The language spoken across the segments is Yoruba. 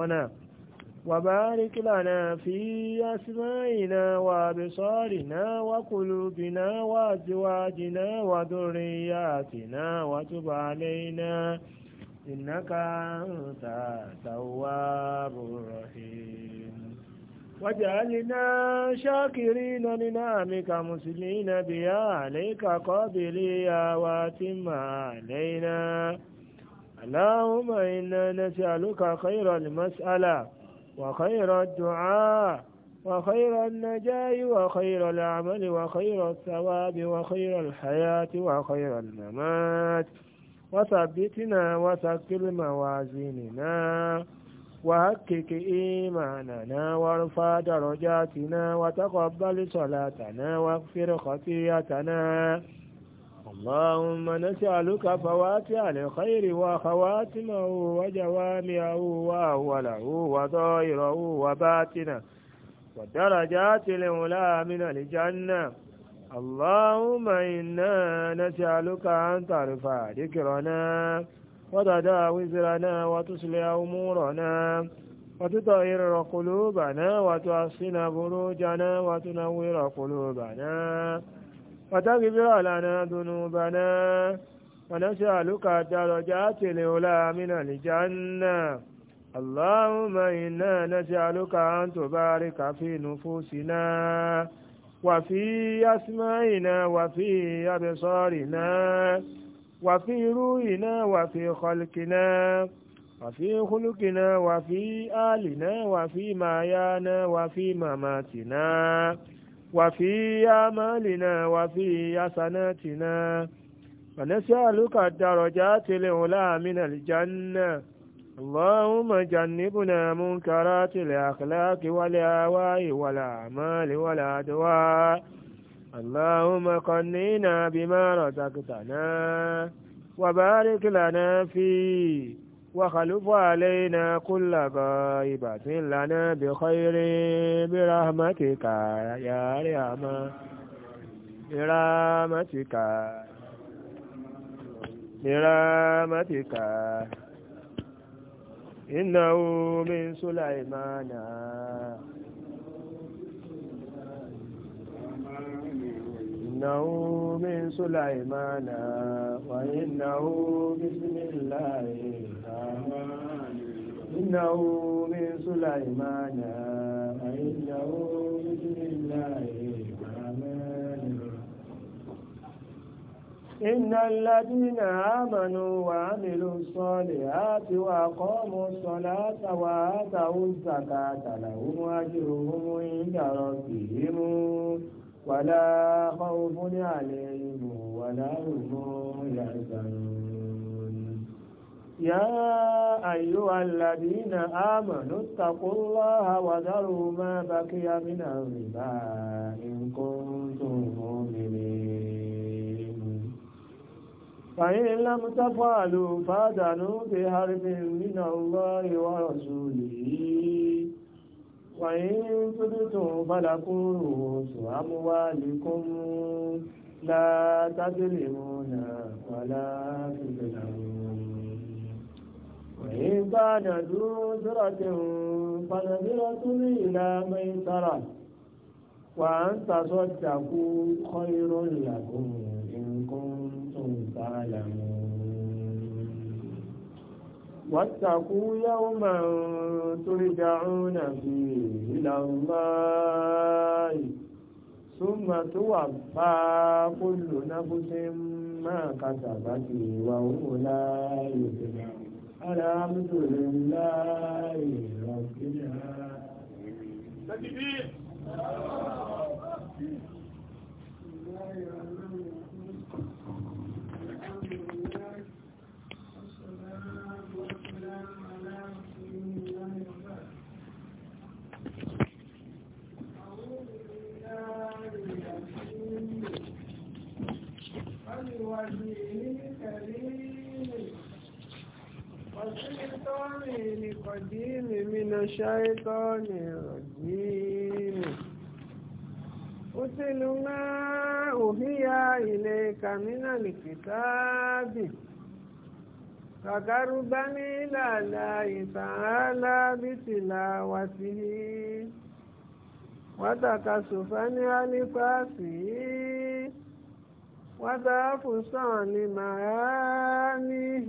أنا وبارك لنا في أسمائنا وأبصارنا وقلوبنا وأزواجنا وذرياتنا وتب علينا إنك أنت التواب الرحيم واجعلنا شاكرين لنعمك مسلمين بها عليك قابليا واتم علينا اللهم إنا نسألك خير المسألة وخير الدعاء وخير النجاة وخير العمل وخير الثواب وخير الحياة وخير الممات وثبتنا وثقل موازيننا وهكك إيماننا وارفع درجاتنا وتقبل صلاتنا واغفر خطيئتنا اللهم نسألك فواتح الخير وخواتمه وجوامعه وأوله وظاهره وباطنه والدرجات الأولى من الجنة اللهم إنا نسألك أن ترفع ذكرنا وتدع وزرنا وتصلح أمورنا وتطهر قلوبنا وتحسن فروجنا وتنور قلوبنا وتغفر لنا ذنوبنا ونسألك درجات الأولى من الجنة اللهم إنا نسألك أن تبارك في نفوسنا وفي أسمائنا وفي أبصارنا وفي روحنا وفي خلقنا وفي خلقنا وفي آلنا وفي مايانا وفي مماتنا وفي آمالنا وفي حسناتنا ونسألك الدرجات العلى من الجنة اللهم جنبنا منكرات الأخلاق والهواء والأعمال والأدواء اللهم قنينا بما رزقتنا وبارك لنا فيه وخلف علينا كل غائبة لنا بخير برحمتك يا رحمة برحمتك برحمتك إنه من سليمان إنه من سليمان وإنه بسم الله الرحمن إنه من سليمان وإنه بسم الله الرحمن إن الذين آمنوا وعملوا الصالحات وقاموا الصلاة وآتوا الزكاة لهم أجرهم عند ربهم ولا خوف عليهم ولا هم يحزنون يا أيها الذين آمنوا اتقوا الله وذروا ما بقي من الربا إن كنتم مؤمنين فإن لم تفعلوا فادنوا بحرب من الله ورسوله فإن تبتم فلكم رؤوس أموالكم لا تظلمون ولا تظلمون وإن كان ذو عسرة فنظرة إلى ميسرة وأن تصدقوا خير لكم إن كنتم تعلمون واتقوا يوما ترجعون فيه إلى الله ثم توفى كل نفس ما كسبت وهم لا يظلمون الحمد لله رب العالمين الشيطان القديم من الشيطان الرجيم أتل ما أوحي إليك من الكتاب فقربني إلى الله تعالى بتلاوته وتكسفا عن فاسه وتأفسا لمعانيه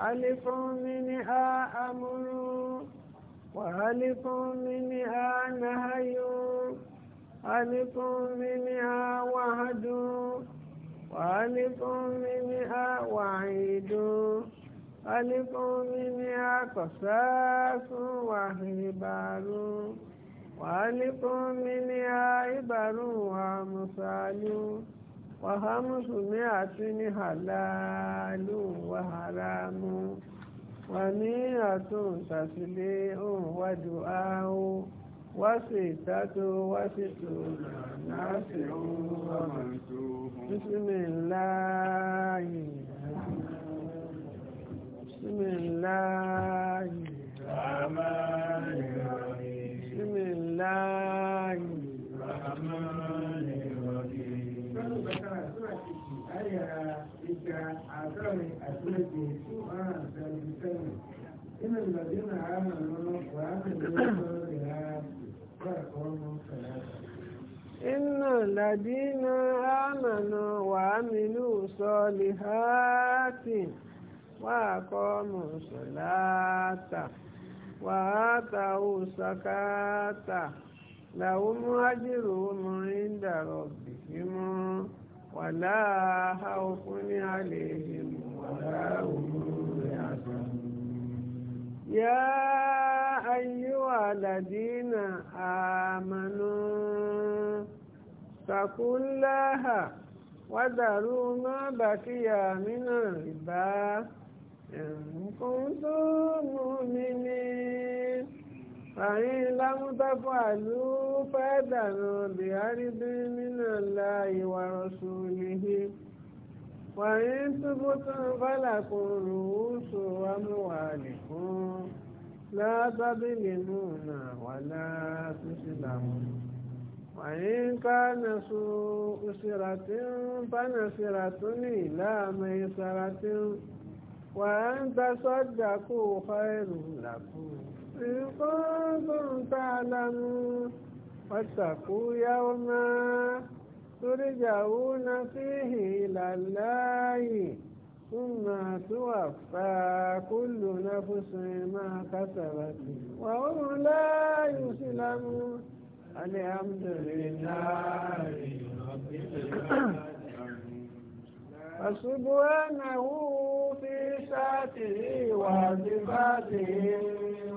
ألف منها أمر وألف منها نهي ألف منها وعد وألف منها وعيد ألف منها قصاص وحبار وألف منها إبر ومثال wàhámùsù ní àti ní hàlálù wàhárámù wà ní àtún tàṣílé òun wájú áhù wá sí ìtàtò wá sí tó náà sí òun na-alọghị ahụ inaladinụ anọ naụwamịnụsolịhatin wakomụslata gwatao sokata lamhadro mridhimụ wàlá àhàókún ní àlèhìn wàlá òmùrù rẹ̀ àgbà. yá ayíwà àlàdínà àmànú sàkúláhà wádàrú má mínà ìbá ẹ̀rùn kún tó mú mi ní fàyín lámútàfọ́ àlú fẹ́dàrú bìhárí bí nínú ńlá ìwà rọ̀ṣùlìhì fàyín túbútún fàlàkùn rùúsù amúwàlì fún látàbílì múnà wà látúnṣìlámù fàyín kánàṣù òṣìràtún fánàṣìràtún ní ìlàmà ìṣàràtún wà ń tasọ́dàkù fáìlù làkùn. إن كنتم تعلمون واتقوا يوما ترجعون فيه إلى الله ثم توفى كل نفس ما كسبت وهم لا يسلمون الحمد لله رب العالمين فسبحانه في ساته وصفاته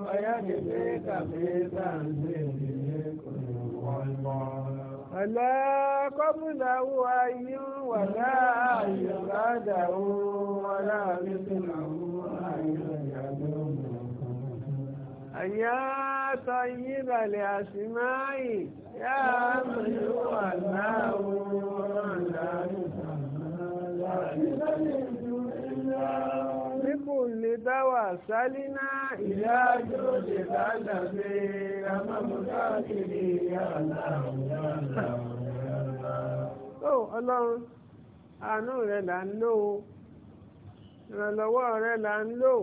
ويكفيك في تنزيله كل والله فلا قبله أي ولا أي بعده ولا مثله أيا طيب الأسماء يا من هو الله ولا مثله Bíbù lè dawa salina sálí náà ìyá yóò lè bá dàgbé amọ́mọ́ká kiri ìyá Ọlọ́run, àánú la n'lo, ń lò ó, ìrànlọ́wọ́ rẹ̀ là ń lò,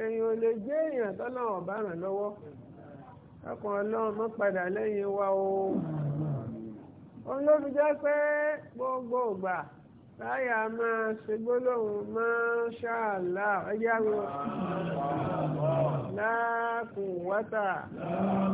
èyàn wa o. Òun ló fi jẹ́ gbogbo láyà máa ṣe gbólóhùn Masha Allah ẹjẹ́ àwọn láàkùn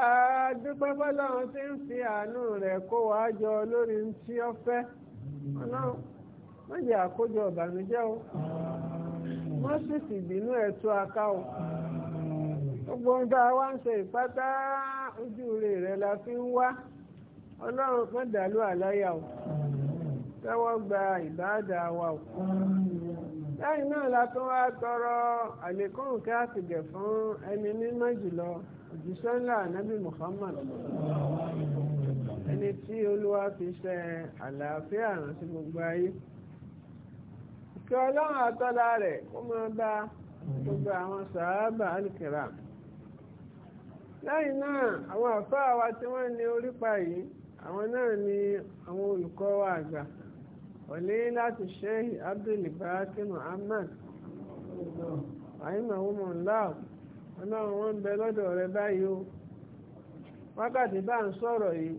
àdúpẹ́ lọ́run tí ń fi àánú rẹ̀ kó jọ lórí tí ó fẹ́ ọlọ́run wọ́n jẹ́ àkójọ ìbànújẹ́ o wọ́n sì sì bínú ẹ̀tọ́ aká o gbogbo ń wa ń ṣe ìpátá ojú rẹ̀ rẹ̀ la fi o tẹ́wọ́ gba ìbáàdà wa o. lẹ́yìn náà la tún wá tọrọ àlékún kí a ti gẹ̀ fún ẹni mímọ́ jùlọ òjíṣẹ́ ńlá ànábì Muhammad ẹni tí olúwa fi ṣe àlàáfíà rán sí gbogbo ayé kí ọlọ́run àtọ́lá rẹ̀ kó máa bá gbogbo àwọn sàábà alìkìrà lẹ́yìn náà àwọn àfáà wa tí wọ́n ní orípa yìí àwọn náà ni àwọn olùkọ́ wa àgbà fadilatu sheikh abdul baki muhammad àyìnbó ọmọ ńlá ọlọ́run wọn ń bẹ lọ́dọ̀ rẹ báyìí o wákàtí bá ń sọ̀rọ̀ yìí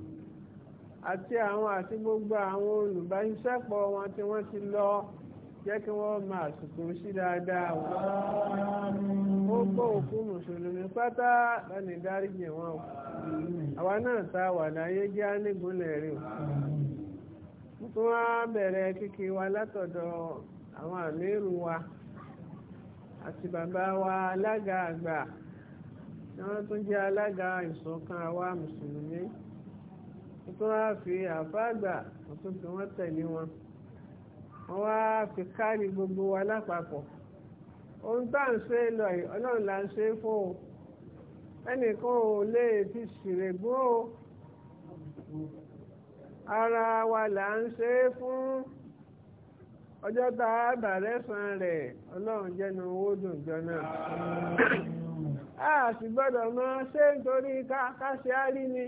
àti àwọn àti gbogbo àwọn olùbáṣiṣẹ́pọ̀ wọn tí wọ́n ti lọ jẹ́ kí wọ́n máa sí tún wá bẹ̀rẹ̀ kíkí wa látọ̀dọ̀ àwọn àmírù wa àti bàbá wa alága àgbà tí wọ́n tún jẹ́ alága ìṣọ̀kan àwa mùsùlùmí tún wá fi àfá àgbà ọ̀tún tí wọ́n tẹ̀lé wọn wọ́n wá fi kárí gbogbo wa lápapọ̀ ohun tá ń ṣe lọ ọlọ́run là ń ṣe fún o ẹnìkan ò lè fi ṣìrègbó o ara wa là ń ṣe é fún ọjọ́ tá a bà lẹ́sàn-án rẹ̀ ọlọ́run jẹ́nu owó dùn jọ a sì gbọ́dọ̀ mọ ṣé nítorí ká ṣe á rí ni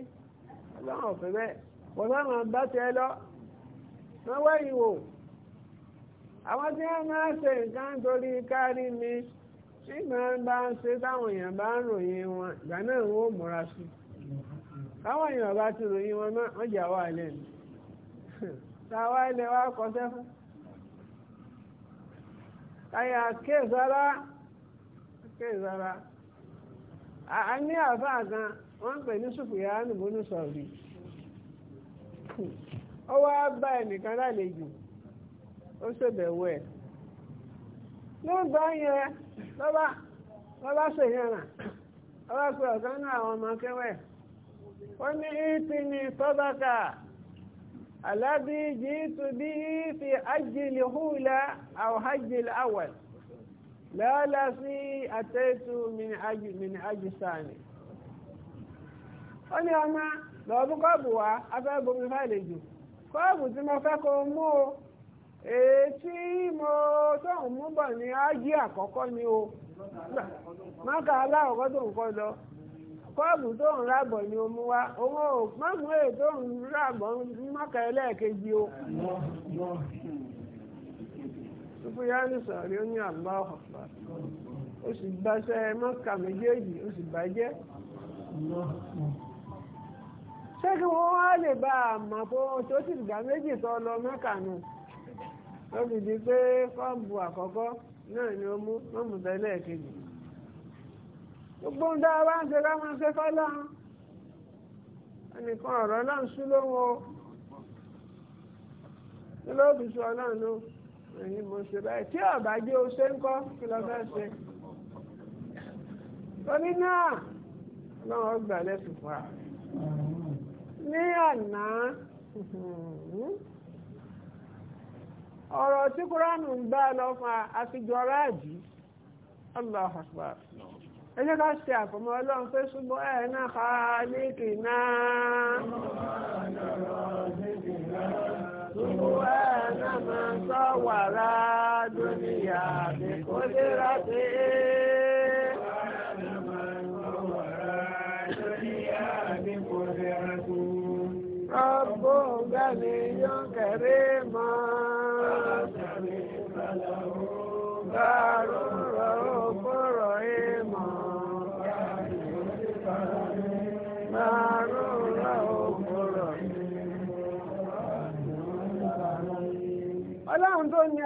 ọlọ́run ọ̀fẹ́ bẹ́ẹ̀ pọ̀ sáwọn bá tiẹ̀ lọ wọ́n wẹ́yìn wò àwọn tí wọ́n máa ṣe nǹkan torí kárí mi tí màá bá ń ṣe táwọn èèyàn bá ń ròyìn wọn ìgbà náà wọ́n múra sí i. táwọn èèyàn bá ti ròyìn wọn náà wọ́n jà wá ilẹ̀ ni táwa ilẹ̀ wa kọsẹ́ fún. àyà kéèzára kéèzára a ní àfáà kan wọ́n ń pè ní Sùfìyánù bónú sọ̀rí ó wá bá ẹnìkan lálejò ó ṣèbẹ̀wò ẹ̀ lóògbà yẹn lọ́ba lọ́ba ṣèyàn náà lọ́ba pé ọ̀kan náà àwọn ọmọ kẹwẹ́ ẹ̀. ó ní ìtìní sọ́dọ̀kà alábí jìtù bí i fi ajìlì húlá àwọn ajìlì awal lọ́la sí àtẹ́tù mini ajìsáni ó ní ọmọ lọ́bù kọ́ọ̀bù wá afẹ́ bomi fáìlì jù kọ́ọ̀bù tí mo fẹ́ kó mú o èyí tí mo tóun mú ni o mọ́kà kọ́ọ̀bù tó ń rábọ̀ ni ọmụwa mú wá owó mọ́mú èyí tó ń rábọ̀ mọ́kà ẹlẹ́ẹ̀kejì o. Sufiyani sọ̀rọ̀ ní àgbà ọ̀pá ó sì gbaṣẹ́ mọ́kà méjèèjì ó sì bàjẹ́. Ṣé kí wọ́n wá lè bá a mọ̀ tó gbà méjì lọ mọ́kà pé kọ́ọ̀bù àkọ́kọ́ náà gbogbo ń dáa wá ń ṣe láwọn ṣe fọ́lọ́run ẹnìkan ọ̀rọ̀ náà ń sú lóhun o kí ló fi sọ náà ló ẹ̀yìn mo ṣe báyìí tí ọ̀bá jẹ́ o ṣe ń kọ́ kí lọ fẹ́ ṣe torí náà lọ́wọ́ gbà lẹ́sùn fún wa ní àná ọ̀rọ̀ tí kúránù ń bá lọ fún àfijọ́ráàjì Allahu Akbar. No ẹjẹ́ ká ṣe àfọ̀mọ́ ọlọ́run pé ṣùgbọ́n ẹ̀ náà ká léèkì náà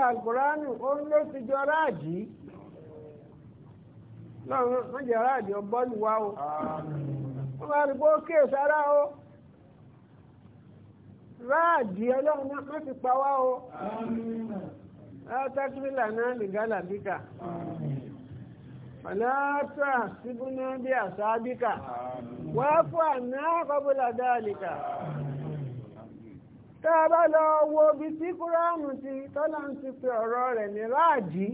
alukóránù ó ń lọ sí jọ ráàjì lọ́run wọ́n jẹ́ ráàjì ọgbọ́n wa o wọ́n máa rí bó kíyè sára o ráàjì ọlọ́run náà wọ́n ti pa wá o látàkìlà náà lè bíkà ọ̀làtà síbúná bí àṣà bíkà wọ́n fún àná kọ́bùlà dáàlìkà. tá a bá lọ wo ibi tí kúránù ti tọ́lá ń ti pe ọ̀rọ̀ rẹ̀ ní ráàdì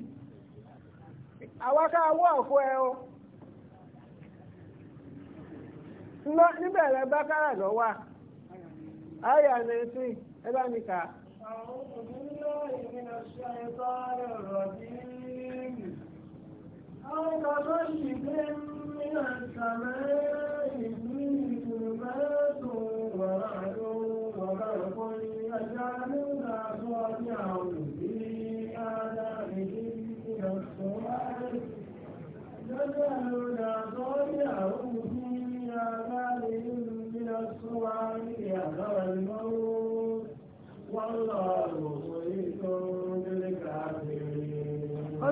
àwáká wọ́ ọ̀fọ́ ẹ o níbẹ̀rẹ̀ bákàrà lọ wà ní ká Àwọn ọmọ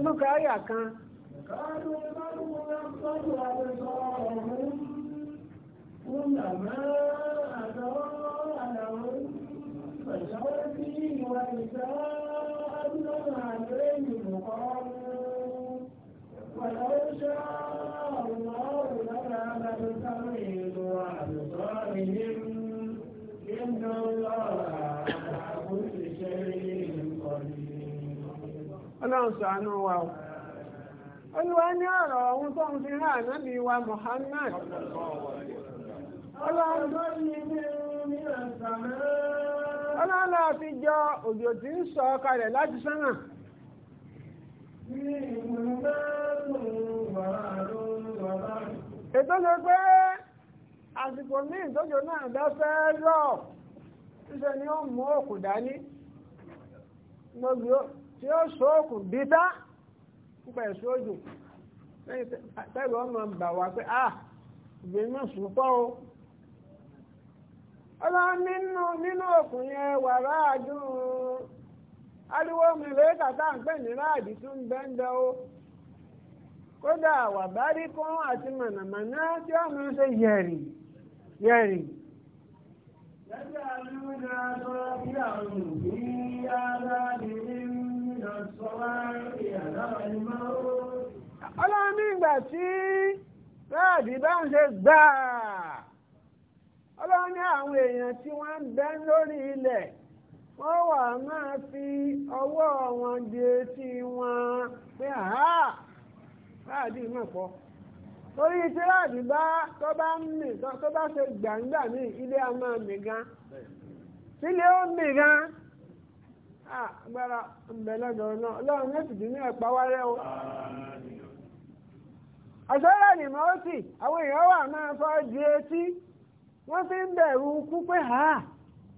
ọdún káyà kan. Káàdùn ọlọ́run ṣàánú wa o olúwa ní ọ̀rọ̀ ohun tó ń fi hàn nábì wa Muhammad ọlọ́run fi jọ òjò tí ń sọ kalẹ̀ láti sánà ètò ṣe pé àsìkò náà rọ̀ tí ó ṣókùn bídá nípa ẹ̀ṣọ́ òjò tẹ́lẹ̀ ọmọ bà wá pé à ah, ìgbìmọ̀ sùpọ̀ o ọlọ́run nínú nínú òkun yẹn wàrà o ariwo mi rèé kàtà ń pè ní ráàdì tún bẹ́ńdẹ́ o kódà wàbárí kún àti mànàmáná tí ó mú ṣe yẹ̀rì yẹ̀rì. bí ọlọ́run ní ìgbà tí ráàdì bá ń ṣe gbàá ọlọ́run àwọn èèyàn tí wọ́n ń lórí ilẹ̀ wọ́n wà máa fi ọwọ́ wọn di etí wọn pé àá ráàdì náà pọ̀ torí tí ráàdì bá tó bá ń mì tó bá ṣe gbàǹgbà ní ilé a máa mì gan sílé ó mì gan. Ah, agbára ìbẹ̀lọ́dọ̀ náà ọlọ́run méjì ní ẹ̀pá wárẹ́ o àṣọ́rọ̀ àwọn èèyàn wà máa fọ́ di etí wọ́n fi ń bẹ̀rù kú pé ha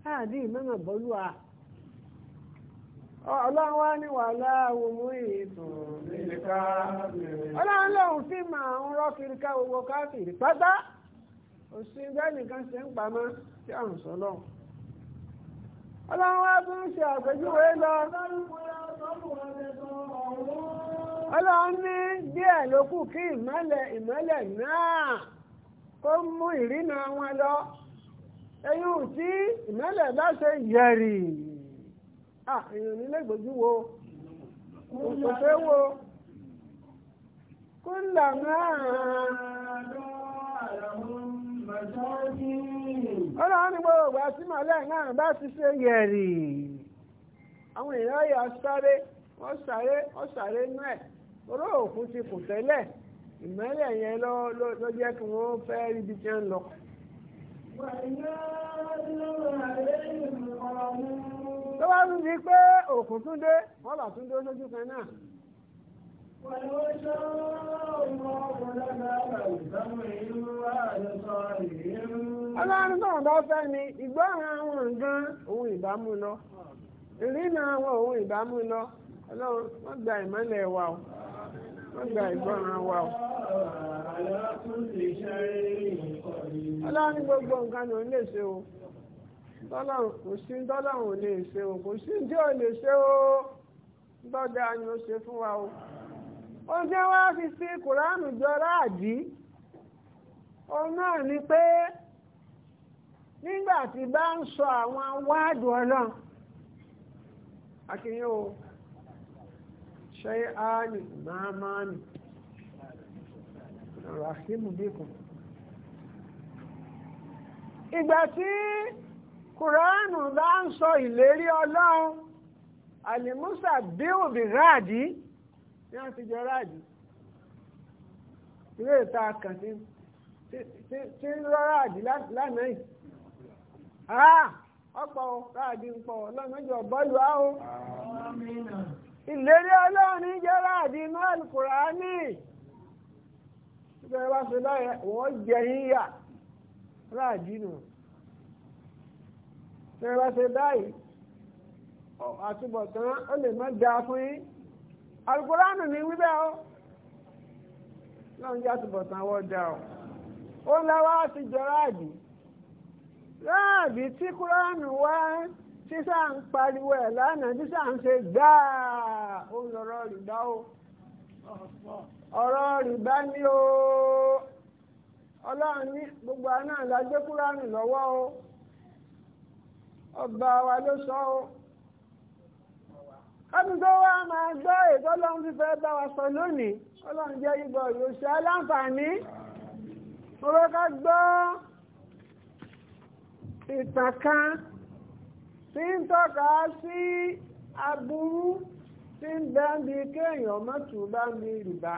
káàdì ìmọ̀nà bọ́lú a ọlọ́run wá ní wàhálà òmù ìtàn ọlọ́run lòun fi máa ń rọ́ kiri ká ọlọ́run bụ ṣe lọ ọlọ́run ní díẹ̀ ló kí ìmọ́lẹ̀ ìmọ́lẹ̀ náà kó mú ìrìnà wọn lọ ẹ̀yìn ò tí ìmọ́lẹ̀ bá ṣe yẹ̀rì èèyàn nílé ìgbójú wo kò fẹ́ wo máa wọ́n ní gbogbo àtìmọ́lẹ̀ náà bá ti ṣe yẹ̀rì àwọn èèyàn yà sáré wọ́n sáré wọ́n sáré nú ẹ̀ oró ti kù tẹ́lẹ̀ ìmọ́lẹ̀ yẹn ló jẹ́ kí wọ́n fẹ́ ibi tí ń lọ. tó bá tún di pé tún dé wọ́n bá tún dé kan náà. ọmọ náà ìlú ọlọ́run náà bá fẹ́ ni ìgbọ́ràn àwọn nǹkan òun ìbámu lọ ìrìnà àwọn òun ìbámu lọ ọlọ́run wọ́n gba ìmọ́lẹ̀ wa o wọ́n gba ìgbọ́ràn wa o. ọlọ́run gbogbo nǹkan ló ń lè ṣe o tọ́lọ́run kò sí tọ́lọ́run ò lè ṣe o kò sí tí ò lè ṣe o gbọ́dọ̀ ni ó ṣe fún wa o. ó jẹ́ wá fi sí kùránù jọ láàdí òun náà ni pé nígbà tí bá ń sọ àwọn wáàdù ọlọ́run akínyẹ́ o ṣe áàmì máa máa nì ọ̀rọ̀ àṣímù bíkùn ìgbà tí kùránù bá ń sọ ìlérí ọlọ́run alimusa bíhùn bí ráàdì ní wọ́n ti jọ ráàdì ìwé ìta kàn tí ń rọ́ ráàdì lánàá yìí ọ̀pọ̀ ráàdì ń pọ̀ ọlọ́run jọ bọ́ọ̀lù ìlérí ọlọ́run jẹ́ ráàdì inú àlùkùránì. nígbà wá sí láyé wọ́n jẹ yíyà ráàdì nù. nígbà wá sí báyìí àtúbọ̀tán ó lè fún ni wíbẹ̀ o. jẹ́ àtúbọ̀tán wọ́n ó ráàdì. ráàbí tí kúránù wá sísà ń pariwo ẹ̀ lánàá sísà ń ṣe gbáà ó ń lọ́rọ́ rìbá o ọ̀rọ̀ rìbá ni o ọlọ́run ní gbogbo àná la gbé kúránù lọ́wọ́ o ọba wa ló sọ o ọdún tó wá máa gbọ́ ètò ọlọ́run fífẹ́ bá wa sọ lónìí ọlọ́run jẹ́ ìbọn yóò ṣe aláǹfààní mo fẹ́ ká gbọ́. ìtàn kan tí ń tọ́ka sí aburú tí ń bẹ́ ń bi kéèyàn mọ́tò bá ń bi rìbá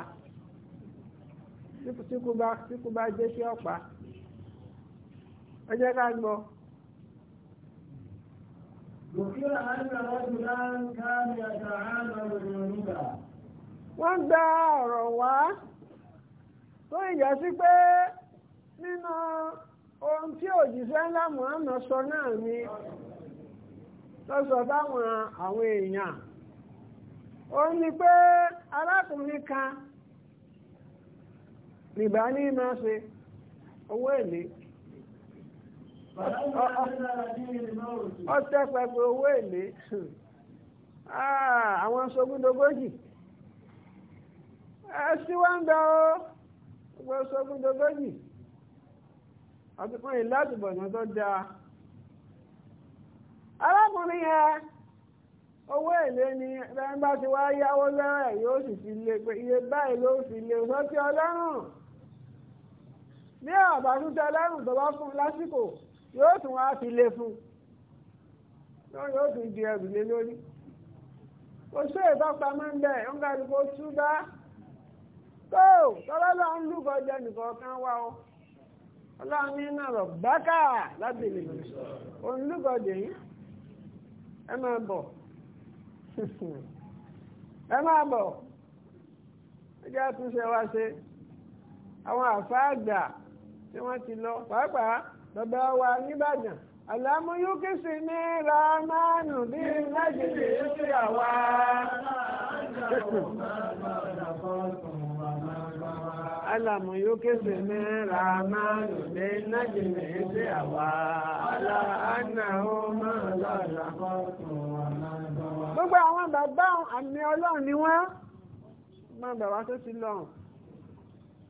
tíkú bá jẹ́ sí ọ̀pá ẹ jẹ́ ká gbọ́. Wọ́n gba ọ̀rọ̀ wá tó ìyá sí pé nínú ohun tí òjìṣẹ́ ńlá Muhammad sọ náà ni lọ́sọ̀ báwọn àwọn èèyàn ó ní pé arákùnrin kan nìbá ní máa ṣe owó èlé ọtẹ pẹpẹ owó èlé ah, àwọn sogúndogójì ẹ sí wá ń bẹ ó gbogbo sogúndogójì. àtúkùn yìí láti bọ̀dọ̀ tó dáa arákùnrin yẹn owó èlé ni bẹ́ẹ̀ bá ti wá yáwó lẹ́rẹ̀ yóò sì fi lé pé iye báyìí ló fi lé sọ́tí ọlọ́run ní ọ̀bá tún tẹ ọlọ́run tó bá fún lásìkò yóò tún wá fi lé fún un yóò tún di ẹrù lé lórí kò sí ìtọ́pa máa ń bẹ̀ ń gbàdúgbò ṣúgá tó tọ́lọ́lọ́ ń lúgọ jẹ nìkan kan wá o ọlọ́run ní náà rọ̀ bákà lábìlì òun lúgọ̀dẹ̀ yìí ẹ máa bọ̀ ẹ máa bọ̀ ẹjẹ́ àtúnṣe wá ṣe àwọn àfáàgbà tí wọ́n ti lọ pàápàá bàbá wa nìbàdàn àlámú yókè sí ní ramánù bí májèlé sí àwa alamu yóò kése ní ramanu ní nájìmí sí àwa ọlá anáwó máa lọ́la kọ́tùn wà máa bọ̀ wá. gbogbo àwọn bàbá àmì ọlọ́run ni wọ́n máa bàbá tó ti lọ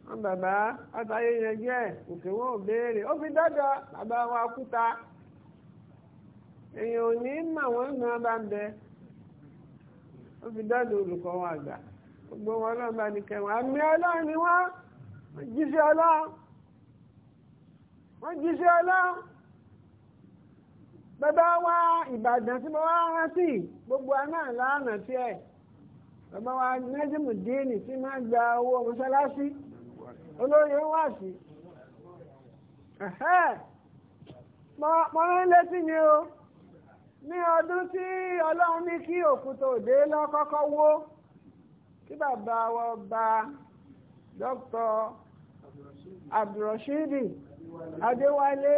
wọn bàbá àtàyè yẹn jẹ òkè wọn ò béèrè ó fi dọdọ bàbá wa kúta èèyàn ò ní mà wọn ní wọn bá ń bẹ ó fi dọdọ olùkọ́ wọn àgbà gbogbo wọn lọ́nà bá ní kẹwọn àmì ọlọ́run ni wọ́n wọ́n jíṣẹ́ ọlá wọ́n jíṣẹ́ ọlá bàbá wa ìbàdàn tí mo wá rántí gbogbo aná lánà tí ẹ bàbá wa nẹ́jìmù díìnì tí máa gba owó mọ́ṣáláṣí olóyè ń wà sí mo rán létí ni o ní ọdún tí ọlọ́run ní kí òkúta òde lọ́kọ́kọ́ wó kí bàbá wa bá dókítà abdulrasheedi adéwálé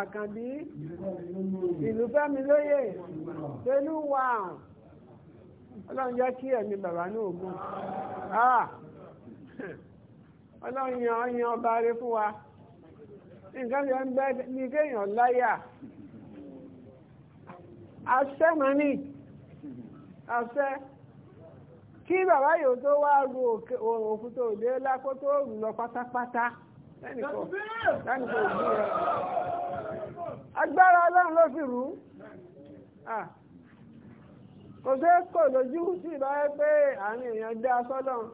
àkànbí ìlúfẹ́milóyè pẹ̀lúwà ọlọ́run jẹ́ kí ẹ̀mí bàbá náà gùn ah! ọlọ́run yan ọyàn ọba rẹ fún wa nǹkan yẹn ń bẹ́ ní kéèyàn láyà àṣẹ mọ́ni àṣẹ kí bàbá yòó tó wá ru òkú tó dé lákó tó rù lọ pátápátá lẹ́nìkan òbí rẹ̀ agbára ọlọ́run ló fi rù ú kò sí kò lójú sí ìbáyé pé àárín èèyàn dá sọ́lọ́run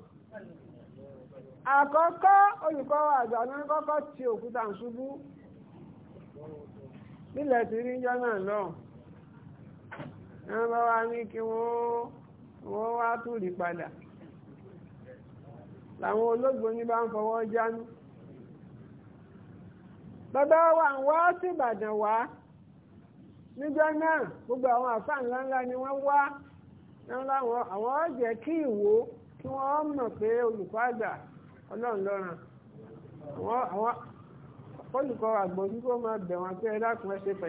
àkọ́kọ́ olùkọ́ àgbà ní kọ́kọ́ ti òkúta ń ṣubú nílẹ̀ tí rí jọ́nà lọ́wọ́ wọ́n bá ní kí wọ́n wọ́n wá tún padà làwọn olóògbé ní bá ń fọwọ́ jánú bàbá wa ń wá sí Ìbàdàn wá níjọ́ náà gbogbo àwọn àfáà ńláńlá ni wọ́n wá àwọn ọ̀jẹ̀ kí ìwò kí wọ́n mọ̀ àgbà ọlọ́run olùkọ́ àgbọ̀ kí kó máa wọ́n pé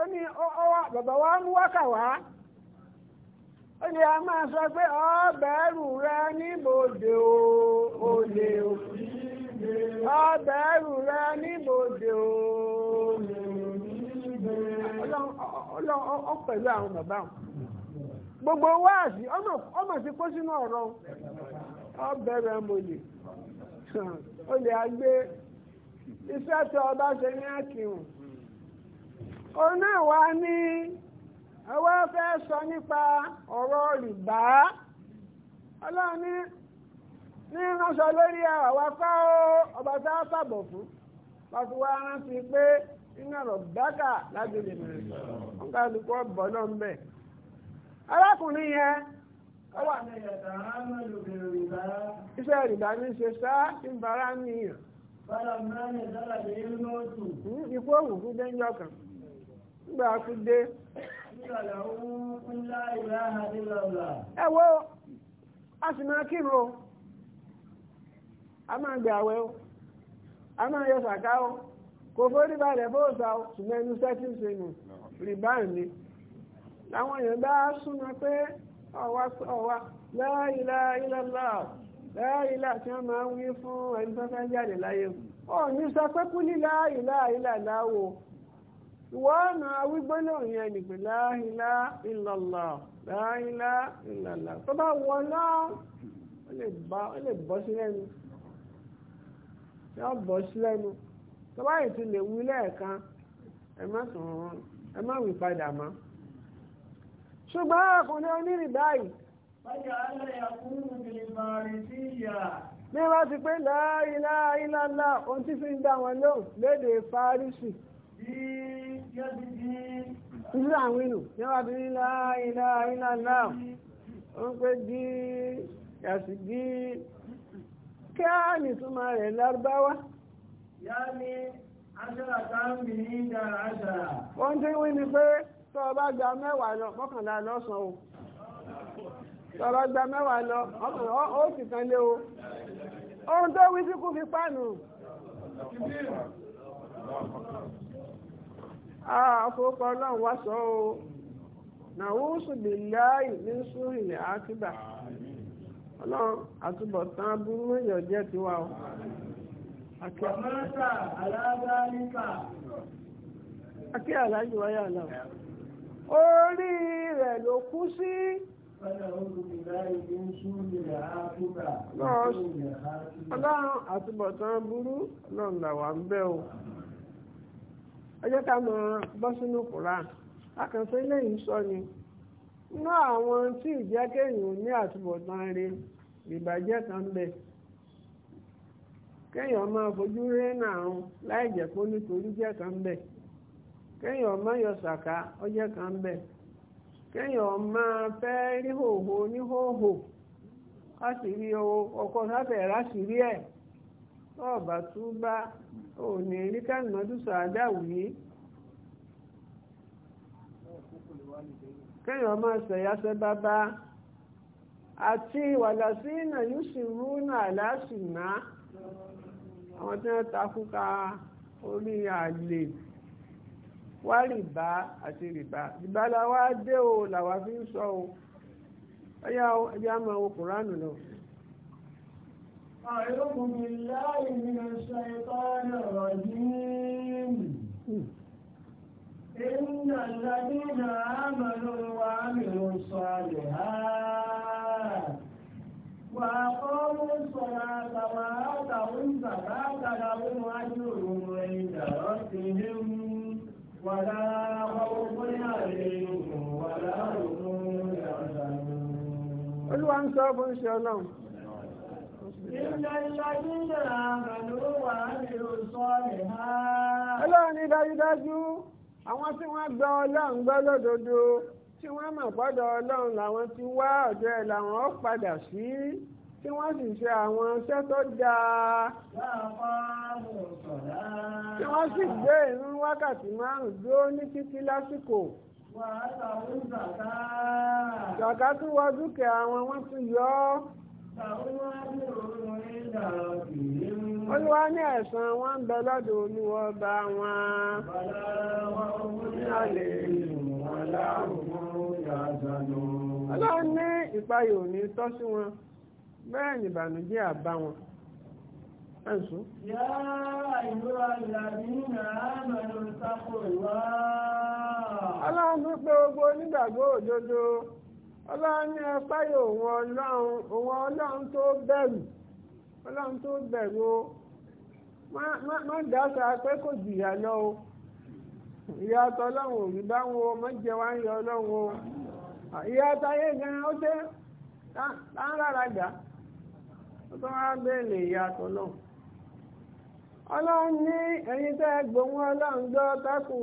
ó ní bàbá wa mú wákà wá máa sọ pé ọ̀bẹ̀rù rẹ níbòde o olè o o ọlọ́run pẹ̀lú àwọn bàbá wọn gbogbo wáàsí ọmọ Ọ kó sínú ọ̀rọ̀ mọ̀lẹ̀ olè iṣẹ́ tí ọba ṣe ní onu náà ní fẹ́ sọ nípa ọ̀rọ̀ rìbá ọlọ́run ní ránṣọ lórí àwa fá ọba tá a fàbọ̀ fún pàtó rántí pé iná rọ̀ bákà lágbèlè mẹ́rin wọn ká lùkọ́ bọ̀ náà ń arákùnrin yẹn ó wà ní iṣẹ́ rìbá ní ṣe sá bara ní inú hmm, gbà á tún dé. ẹ wo a sì máa kírun o a máa gbé àwẹ̀ o a máa yọ sàká o kò forí balẹ̀ bó sa o ṣùgbọ́n ẹnu sẹ́tì sínú rìbá ni làwọn èèyàn bá súnmọ́ pé ọ̀wá ọ̀wá láìlá ìlàlá láìlá tí wọ́n máa ń wí fún ẹni tó fẹ́ jáde láyé o ò ní sọ pé kú ní láìlá ìlàlá o wọ́n na wígbónáà yẹn nìgbè láhìlá ìlàlá láhìlá ìlàlá tó bá wọ́n náà ó lè bọ́ sí lẹ́nu yóò bọ́ sí lẹ́nu tó bá yìí tún lè wí lẹ́ẹ̀kan ẹ má tún wọn ẹ má wí padà mọ́. ṣùgbọ́n ọkùnrin onírìn báyìí. wọ́n ti fi ń dá wọn lóhùn léde fárísì. ìlú àwọn ìlú níwà bí nílá ilá ilá náà wọ́n pé dí yàtì dí kí á ní rẹ̀ lárúbáwá wọ́n tí wí ni pé tó o bá gba mẹ́wàá lọ mọ́kànlá lọ́sàn o tó o bá gba mẹ́wàá lọ mọ́kànlá ó sì o àfọwọ́pọ̀ ọlọ́run wá sọ ọ́ nàwóṣù bìláì ní sùúrì àkíbà ọlọ́run àtúbọ̀tán burú èèyàn jẹ́ tiwa o. àkẹ́kọ̀ọ́ta aláàbáríkà. akẹ́ aláàjì ala orí rẹ̀ ló kú sí. ọlọ́run àtúbọ̀tán burú ọlọ́run làwà ń bẹ́ o. Amen. ọjọ́ ká mọ bọ́ sínú Quran akànṣe lẹ́yìn sọ ni inú àwọn tí ìjẹ́ kéèyàn ní àtúbọ̀tán rẹ̀ ìbàjẹ́ kan ń bẹ kéèyàn máa fojú rénà àrùn láì jẹ́ pé nítorí jẹ́ kan ń bẹ kéèyàn ọmọ yọ sàkà ọjẹ́ kan ń bẹ fẹ́ ọba túbá òní rí kálùmọ́dún sàádà wí kéèyàn máa ṣẹ̀yáṣẹ́ bàbá àti wàlàsí ìnà yóò sì rúnà aláṣìná àwọn tí wọ́n takúka orí àlè wá rìbá àti rìbá rìbá la wá dé o làwa fi ń sọ o ẹ̀yà ọmọ okùnránù lọ. أعوذ بالله من الشيطان الرجيم إن الذين آمنوا وعملوا الصالحات وأقاموا الصلاة وآتوا الزكاة لهم أجرهم عند ربهم ولا خوف عليهم ولا هم يحزنون. Ọlọ́run ní dájúdájú, àwọn tí wọ́n gbọ́ ọlọ́run gbọ́ lódodo, tí wọ́n mọ̀ gbọ́dọ̀ ọlọ́run làwọn ti wá ọ̀dọ̀ ẹ̀ làwọn ó padà sí, tí wọ́n sì ṣe àwọn iṣẹ́ tó dáa. Tí wọ́n sì gbé ìrun wákàtí márùn-ún dúró ní títí lásìkò. Wàhálà ń zàká. Zàká tún wọ dúkìá wọn, wọ́n tún yọ ọ́. Olúwa ní ẹ̀san wọ́n ń bẹ lọ́dọ̀ Olúwa bá wọn. Ọlọ́run ní ìpayò ní tọ́ sí wọn, bẹ́ẹ̀ ni ìbànújẹ́ àbá wọn. Ẹ̀sùn. Yá àìlúwà ìlàdínà àmàlùsákò wá. Ọlọ́run pé gbogbo onígbàgbọ́ òdodo. ọlọ́run ẹ̀páyò òun ọlọ́run tó bẹ̀rù ọlọ́run tó bẹ̀rù o má dáṣà pé kò jìyà lọ o ìyá ọlọ́run ò rí o má jẹ wá ń yọ ọlọ́run o ìyàtọ̀ ayé gan ó ọlọ́run ní tẹ́ gbòun ọlọ́run gbọ́ tákùn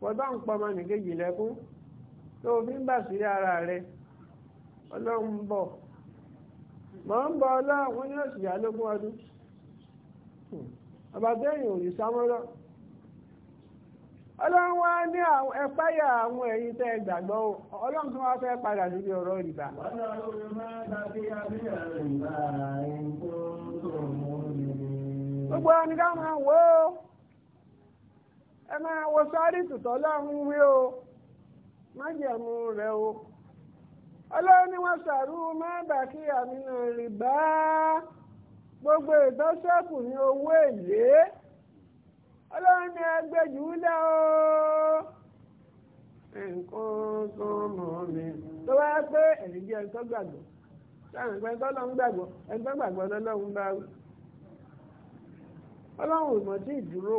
pọ̀tọ́ ń pọmọ nìkejì lẹ́kún tó fi ń bà sí ara rẹ ọlọ́run bọ̀ mọ̀ ń bọ̀ ọlọ́run wọn yóò sì lógún ọdún ọlọ́run wá ní ẹ̀páyà àwọn tẹ́ gbàgbọ́ ọlọ́run tó wá fẹ́ padà ọ̀rọ̀ gbogbo ọ́ ẹ máa wo sọ́rí tùtọ́ lọ́hún wí o májẹ̀mú rẹ̀ o ọlọ́run ni wọ́n sàrú mẹ́bà kí àmínú rìbá gbogbo ìtọ́sẹ́kù ní owó èlé ọlọ́run ni ẹgbẹ́jù lẹ́ o nǹkan tó mọ̀ mi tó wá pé ẹ̀rí jẹ́ ẹ̀ńtọ́ gbàgbọ́ sáà nípa ẹ̀ńtọ́ lọ́n gbàgbọ́ ẹ̀ńtọ́ gbàgbọ́ lọ́lọ́run bá wí ọlọ́run ìmọ̀ tí ìdúró.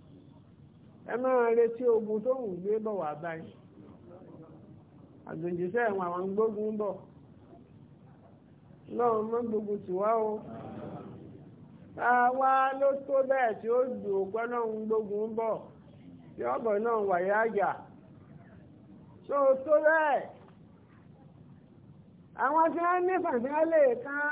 ẹ máa retí ogun tó ń gbé bọ̀ wá báyìí àjòjìṣẹ́ ẹ̀wọ̀n àwọn gbógun bọ̀ lọ́wọ́ mọ́ gbogbo tìwá o àwa ló tó bẹ́ẹ̀ tí ó dùn òpẹ́ náà ń gbógun bọ̀ tí ọ̀bọ̀ náà wàyà àjà tó tó bẹ́ẹ̀ àwọn tí wọ́n ní fàṣẹ́ lè kán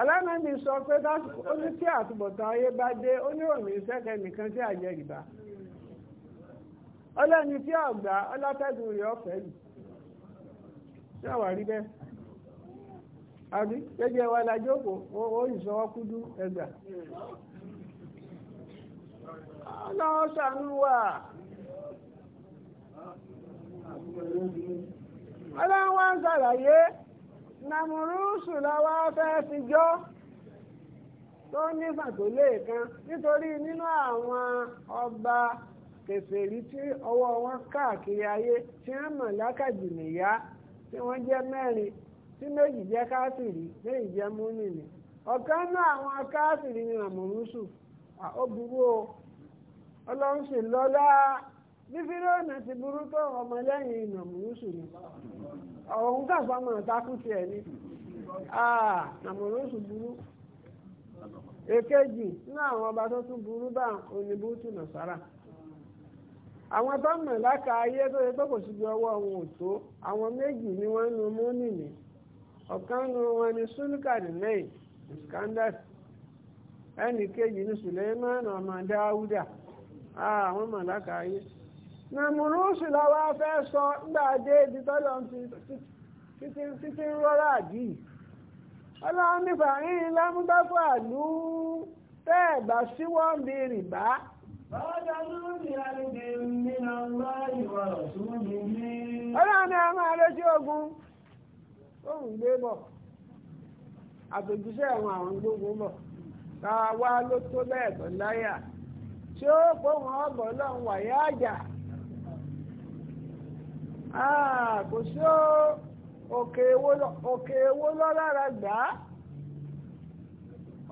alánàbí sọ pé ó ní tí àtúbọ̀tán ayé bá dé ó ní òní sẹ́kẹ̀ nìkan tí àjẹ ìgbà ọlọ́ni tí ọ̀gbà ọlátẹ́gùn rẹ̀ ọ̀fẹ́ yìí tí àwà rí bẹ́ẹ̀ àbí jẹ́jẹ́ wa la jókòó ó ìṣọwọ́ kúdú ẹgbà ọlọ́wọ́ ṣàánú wà ọlọ́wọ́ nàmúrúsù lọ́wọ́ fẹ́ fi jọ́ tó nígbà tó léèkan nítorí nínú àwọn ọba kèfèrí tí ọwọ́ wọn káàkiri ayé tí wọ́n mọ̀ lákàjì nìyá tí wọ́n jẹ́ mẹ́rin tí méjì jẹ́ káfìrí méjì jẹ́ múnìní ọ̀kan náà àwọn káfìrí ni àmọ̀rúsù ó burú o ọlọ́run sì lọ́lá bí fírónà ti burú tó ọmọlẹ́yìn nàmúrúsù ni ọ̀hún kàfàmọ̀ takú ti ẹ̀ ní nàmúrúsù ah, burú èkejì ní àwọn ọba tó tún burú bá oníbútù nàṣàrà àwọn tó mọ̀ láka ayé tó yẹ tó síbi ọwọ́ wọn ò tó àwọn méjì ni wọ́n nu múnìní ọ̀kan nu wọn ni sulukadi iskandar ẹnì kejì ni suleiman ọmọ dáúdà ah, àwọn mọ̀ láka ayé. mẹ̀múrúsù lọ́wọ́ fẹ́ sọ nígbà dé ibi tọ́lọ́ títí ń rọ́rà dì ọlọ́run nípa yín lámúdáfà lù ú bá síwọ́ ń bi rìbá. ọlọ́run ni a máa ogun ohun gbé bọ̀ àtòjúṣe àwọn àwọn gbogbo bọ̀ tá ló tó bẹ́ẹ̀ tó láyà tí ó pọ̀ wọn ọgbọ̀n àjà. Ah, kò sí òkè èwo lọ́lára gbá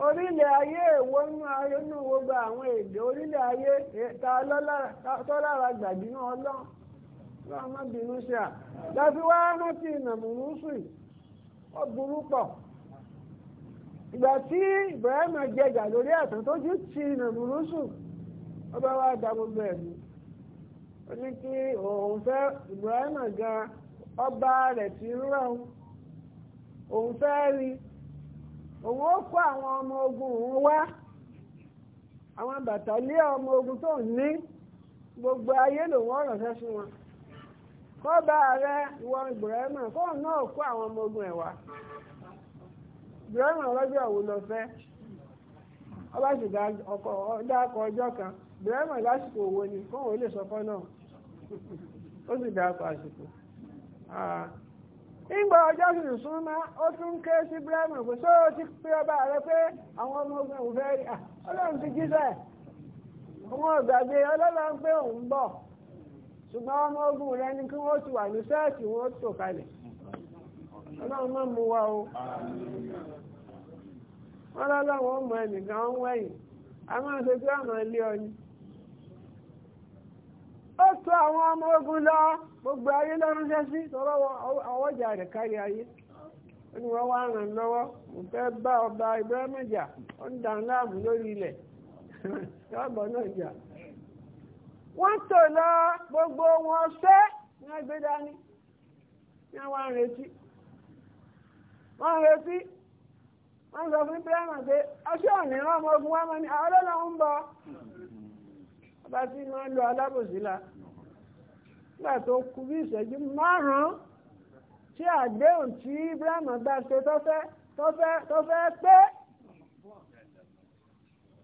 orílẹ̀ ayé èwo nínú gbogbo àwọn èdè orílẹ̀ ayé eh, ta lọ́lára gbà bínú bínú sí à láti wá rántí ìnàmùnú sùn ó burú pọ̀ ìgbà tí ti sùn bá wá ní kí òun fẹ́ gan ọba rẹ̀ ti rọrùn òun fẹ́ rí òun ó kó àwọn ọmọ ogun òun wá àwọn bàtàlẹ́ ọmọ ogun tó ní gbogbo ayé lòun ọ̀rọ̀ fẹ́ fún rẹ náà kó àwọn ọmọ ogun ẹ̀ wá ọlọ́jọ́ òun lọ ọba ọkọ̀ ọjọ́ kan. bẹ̀rẹ̀mọ̀ lásìkò owó ni kóhùn ó lè sọ fọ́ náà ó sì dá pa àsìkò nígbà ọjọ́ sì súnmọ́ ó tún ké sí bẹ́rẹ̀mọ̀ pé só ti pé ọba rẹ pé àwọn ọmọ ogun ò fẹ́ rí ọlọ́run ti jíṣẹ́ ọmọ ọ̀gbàgbé ọlọ́run pé òun bọ̀ ṣùgbọ́n ọmọ ogun rẹ ni kí wọ́n ti wà ní sẹ́ẹ̀tì wọn tò kalẹ̀ ọlọ́run má mú wa o wọ́n lọ́lọ́run ó mọ ẹnìkan ń wẹ̀yìn a máa ń ṣe pé àmọ́ ilé ọyìn otu tó àwọn ọmọ ogun lọ gbogbo ayé lọ́rún sẹ́sí tọ́rọ ọwọ́jà rẹ̀ kárí ayé ó ní wọ́n wá ràn lọ́wọ́ fẹ́ bá ọba Ibrahim jà ó ń dàn láàmú lórí ilẹ̀ náà jà wọ́n tò lọ gbogbo wọn ṣẹ́ ní ẹgbẹ́ dání ní àwọn àrètí wọ́n retí wọ́n sọ fún Ibrahim pé ọmọ ogun wa ni ọba tí máa ń lo alábòsí la nígbà tó kú bí ìṣẹ́jú márùn-ún tí àdéhùn tí Ibrahim gbà ṣe tọ́fẹ́ tọ́fẹ́ tọ́fẹ́ pé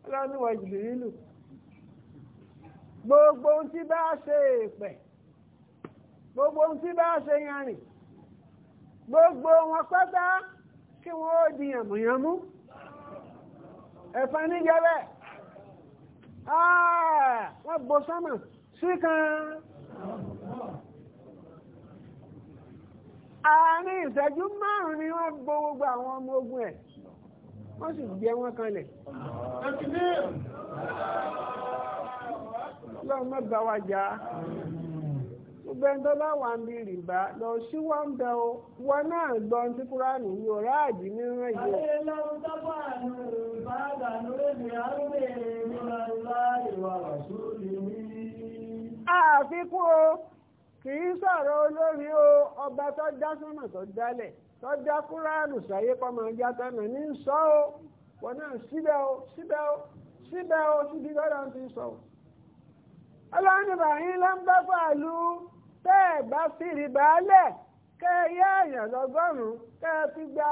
ọlọ́niwọ̀ jìbìrìlù gbogbo ohun tí bá ṣe èèpẹ̀ gbogbo ohun tí bá ṣe yanrìn gbogbo wọn pátá kí wọ́n ó di yàmùyàmú ẹ̀fọn níjẹ́ bẹ́ẹ̀. Ah, wọ́n gbọ́ sọ́mà sí kan àárín ìṣẹ́jú márùn ni wọ́n gbọ́ gbogbo àwọn ọmọ ogun ẹ̀ wọ́n sì gbé wọn kanlẹ̀ lọ́mọ bá wa jà gbogbo ẹni tó bá wà ń bí rìbá lọ sí wọ́n bẹ o wọn náà gbọ́ tí kúránì yóò ráàdì nínú ẹ̀yọ́. àfikún o kì í sọ̀rọ̀ olórí o ọba tó dá sọ́nà tó dálẹ̀ tó dá kúránù ní sọ o wọn náà síbẹ̀ o síbẹ̀ o síbẹ̀ o síbi ti sọ o. yín ló ń bá tẹ́ ẹ̀ bá fìrì kẹ́ ẹ yá àyàn lọ́gọ́rùn-ún kẹ́ ẹ fi gba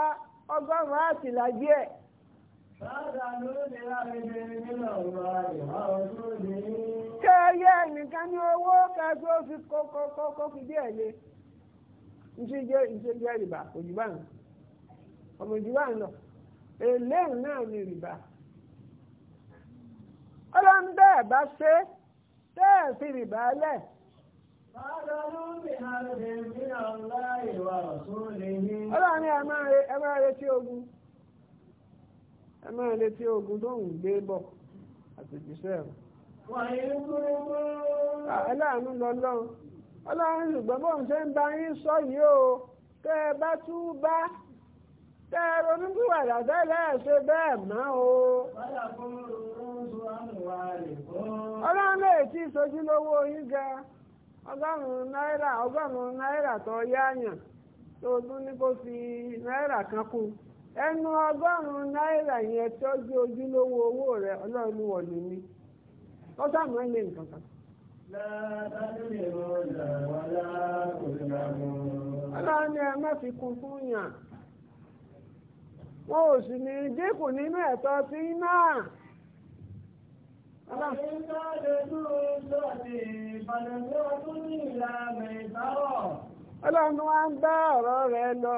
ọgọ́rùn-ún ẹ̀. sáà ṣe kẹ ẹyẹ nìkan ní owó kẹtù ó fi kókókókó fi díẹ̀ lé iṣẹ́ jẹ́ iṣẹ́ jẹ́ rìbá kò jù ọmọ èlé náà ni rìbá ọlọ́run bẹ́ẹ̀ bá ṣe fi rìbá lẹ̀. ọlọ́run ẹ máa retí ogun ẹ máa retí ogun tó ń gbé bọ̀ rẹ̀. aláàánú ah, lọ́lọ́run ọlọ́run ṣùgbọ́n bóun ṣe ń bá yín sọ yìí o tẹ́ ẹ bá tú bá tẹ́ ẹ ṣe bẹ́ẹ̀ mọ́ o. ọlọ́run lè ti sojú lówó yín ga ọgọ́rùn-ún náírà ọgọ́rùn-ún náírà tó yáàyàn tó ní kó fi náírà kan ẹnu ọgọ́rùn-ún náírà yẹn owó rẹ ọlọ́run wọ̀ lọ́sà máa ń lè nǹkan kan. ọlọ́run ẹ má fi si fún yàn ò sì ní dínkù nínú ẹ̀tọ́ sí náà. Ọlọ́run wá ń bá ọ̀rọ̀ rẹ lọ.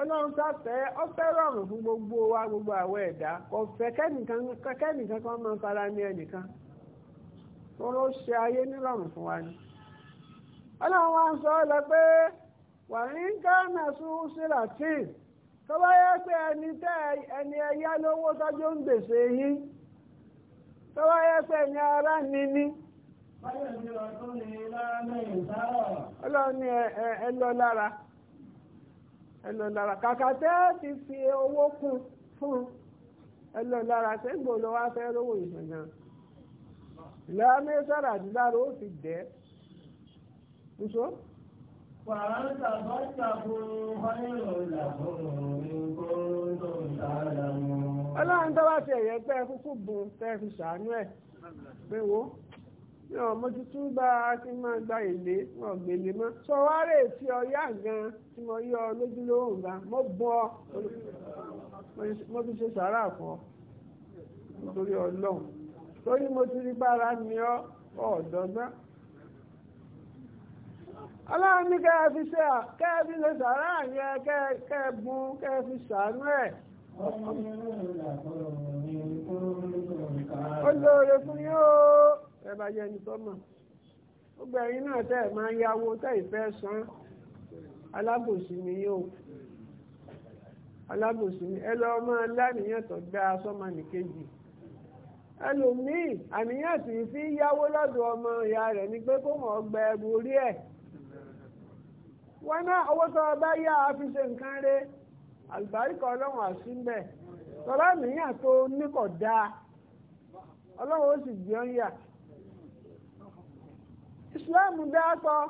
Ọlọ́run sáfẹ́ ọ́fẹ́ rọrùn fún gbogbo wa gbogbo àwọ̀ ẹ̀dá. kẹ́nìkan máa fara ní ẹnìkan. tọrọ ṣe ayé nírọ̀rùn fún wa ni ọlọ́run wa ń sọ ọ́ lọ pé wà ní gánà sún sílàtì tó bá yẹ pé ẹni tẹ́ ẹni ẹyá lówó tọ́jú ń gbèsè yín tó bá yẹ pé ẹni ara ni ní. ọlọ́run ẹ lọ lára ẹ lọ lára kàkà tẹ́ ti fi owó kún fún ẹ lọ lára ṣé gbòòlò láàmé sára àti lára ó fi dẹ́ ṣúṣọ́ ọlọ́run tó bá ti ẹ̀yẹ pẹ́ kúkú bùn tẹ́ fi ṣàánú ẹ̀ pé wo ní ọmọ tuntun a ti ma gba èlé wọn gbèlè mọ́ sọ wá rè ti ọ ya gan ti mo yọ lójúlówó mo mo ṣe sara nítorí torí mo ti rí bára ni ọ ọ̀dọ́gbọ́n ọlọ́run ní kẹ́ ẹ fi ṣe kẹ́ ẹ fi ṣe sàárà yẹn kẹ́ ẹ bùn kẹ́ ẹ fi ṣàánú ẹ̀ olóore fún yóò ẹ bá jẹ́ ẹni tó mọ̀ gbogbo ẹ̀yin náà tẹ́ ẹ̀ máa ń yáwó tẹ́ ìfẹ́ san alábòsí ni yóò alábòsí ni ẹ lọ́ọ́ máa lánìyàn tó gbé asọ́mọ nìkejì ẹlòmíì àníyàn sì fi yáwó lọ́dọ̀ ọmọ ìyá rẹ̀ ni pé kó mọ̀ ọgbẹ́ ẹrù orí ẹ̀ wọn náà owó tó ọba yá a fi ṣe nǹkan rẹ àlùbáríkà ọlọ́run àṣìbẹ̀ tọ́lá àníyàn tó níkọ̀ dáa ọlọ́run ó sì jẹun yà ìsìláàmù dáàtọ̀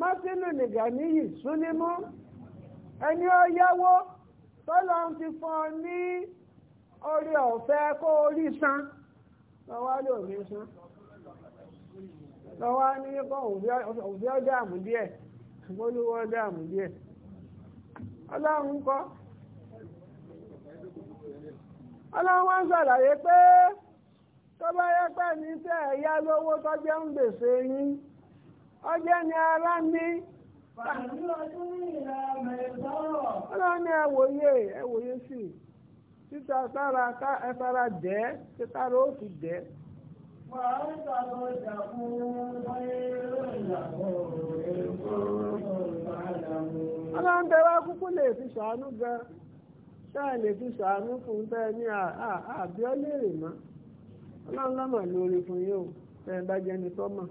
mọ́sílù nìgàníyì súnímú ẹni ó yáwó tọ́lọ́run ti fún ọ ní. orí ọ̀fẹ́ kó orí sán lọ́wọ́ ló lọ́wọ́ ní kọ́ òfẹ́ dààmú díẹ̀ olúwọ́ dààmú díẹ̀ ọlọ́run kọ́ ọlọ́run pé tó bá yẹ pẹ́ ní tẹ́ ẹ̀yá lówó ń yín ọjẹ́ ni ara ní ọlọ́run ni títa sára ká ẹfara dẹ́ títa ró fi dẹ́. wà á ń sàbọ̀ kúkú lè fi ṣàánú gan táà lè fi ṣàánú fún tẹ́ ní àbíọ́ mọ́ lórí fún yóò tẹ́ bá jẹ́ ní wọ́n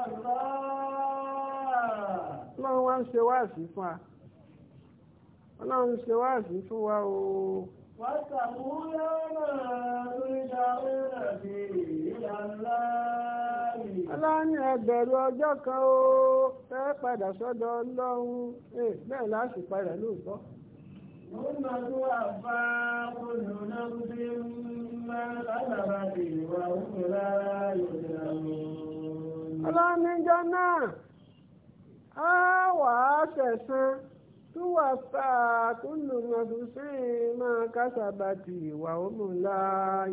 ọlọ́run wá ń ṣe wáàsí fún wa ọlọ́run ṣe wáàsí fún wa o. ọlọ́run ẹgbẹ̀rún ọjọ́ kan o fẹ́ padà sọ́dọ̀ ọlọ́run bẹ́ẹ̀ láti padà lóòótọ́. Múnadú àbá olùnàgbé máa ń lábàbí ìwà òkúra yóò dáná ọlọ́nijọ́ náà á wà á ṣẹ̀san tó wà fà kúlù mọ̀tòsí máa kásábàtì ìwà òmùlá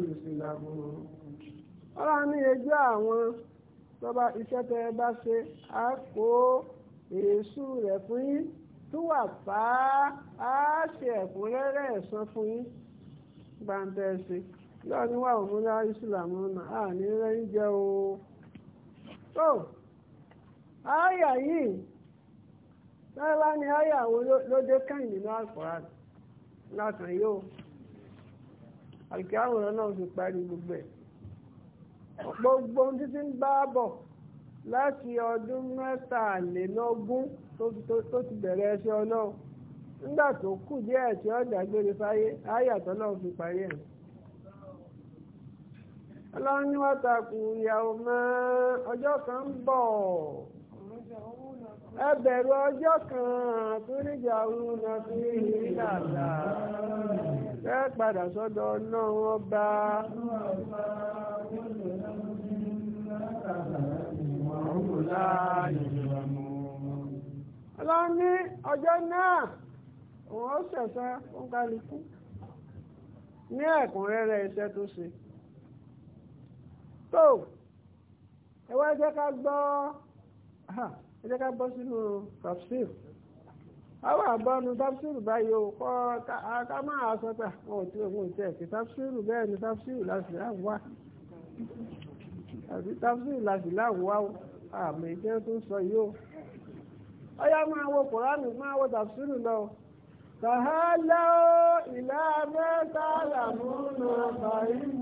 ìsìlámù ọlọ́ni ẹjọ́ àwọn tọ́ba iṣẹ́ tẹ́ ẹ bá ṣe á kó èésú rẹ̀ fún yín tó wà fà á ṣe ẹ̀kúnrẹ́rẹ́ ẹ̀san fún yín gbàǹtẹ̀ ṣe lọ́ọ̀ni wà òmùlá ìsìlámù náà á ní rẹ́ ń jẹ́ o. tó aya yìí lọ́la ni àyà àwọn lóde kẹ́yìn nínú àkùrán látàn yóò àlùkí náà ti parí gbogbo ẹ̀ gbogbo títí ń bá bọ̀ láti ọdún mẹ́tàlélógún tó ti bẹ̀rẹ̀ ẹṣẹ́ ọlọ́run nígbà tó kù díẹ̀ tí ọjà gbére fáyé àyà tọ́lọ́run fi parí ẹ̀. ọlọ́run ní wàtàkù ìyàwó mọ́ ọjọ́ kan ń bọ̀ ẹ ọjọ́ kan àtúríjà òun náà fi rí ẹ padà sọ́dọ̀ náà wọ́n bá ọlọ́run ní ọjọ́ náà òun ó ṣẹ̀ṣẹ̀ ó kálukú ní iṣẹ́ tó ṣe. tó ẹ wá jẹ́ ká gbọ́ ẹ jẹ́ ká gbọ́ sínú tafsir àwọn àbọ̀nù tafsir báyìí o kọ́ ká máa sọ pé àwọn ah, òtí òun ìtẹ́ ẹ̀kí tafsir bẹ́ẹ̀ ni tafsir láti láwùwá àti tafsir láti láwùwá o àmì ìjẹ́ tó sọ yìí o ọyá máa wo kòránì máa wo tafsir lọ. tàhálà ìlànà tààlà múnà bàyìí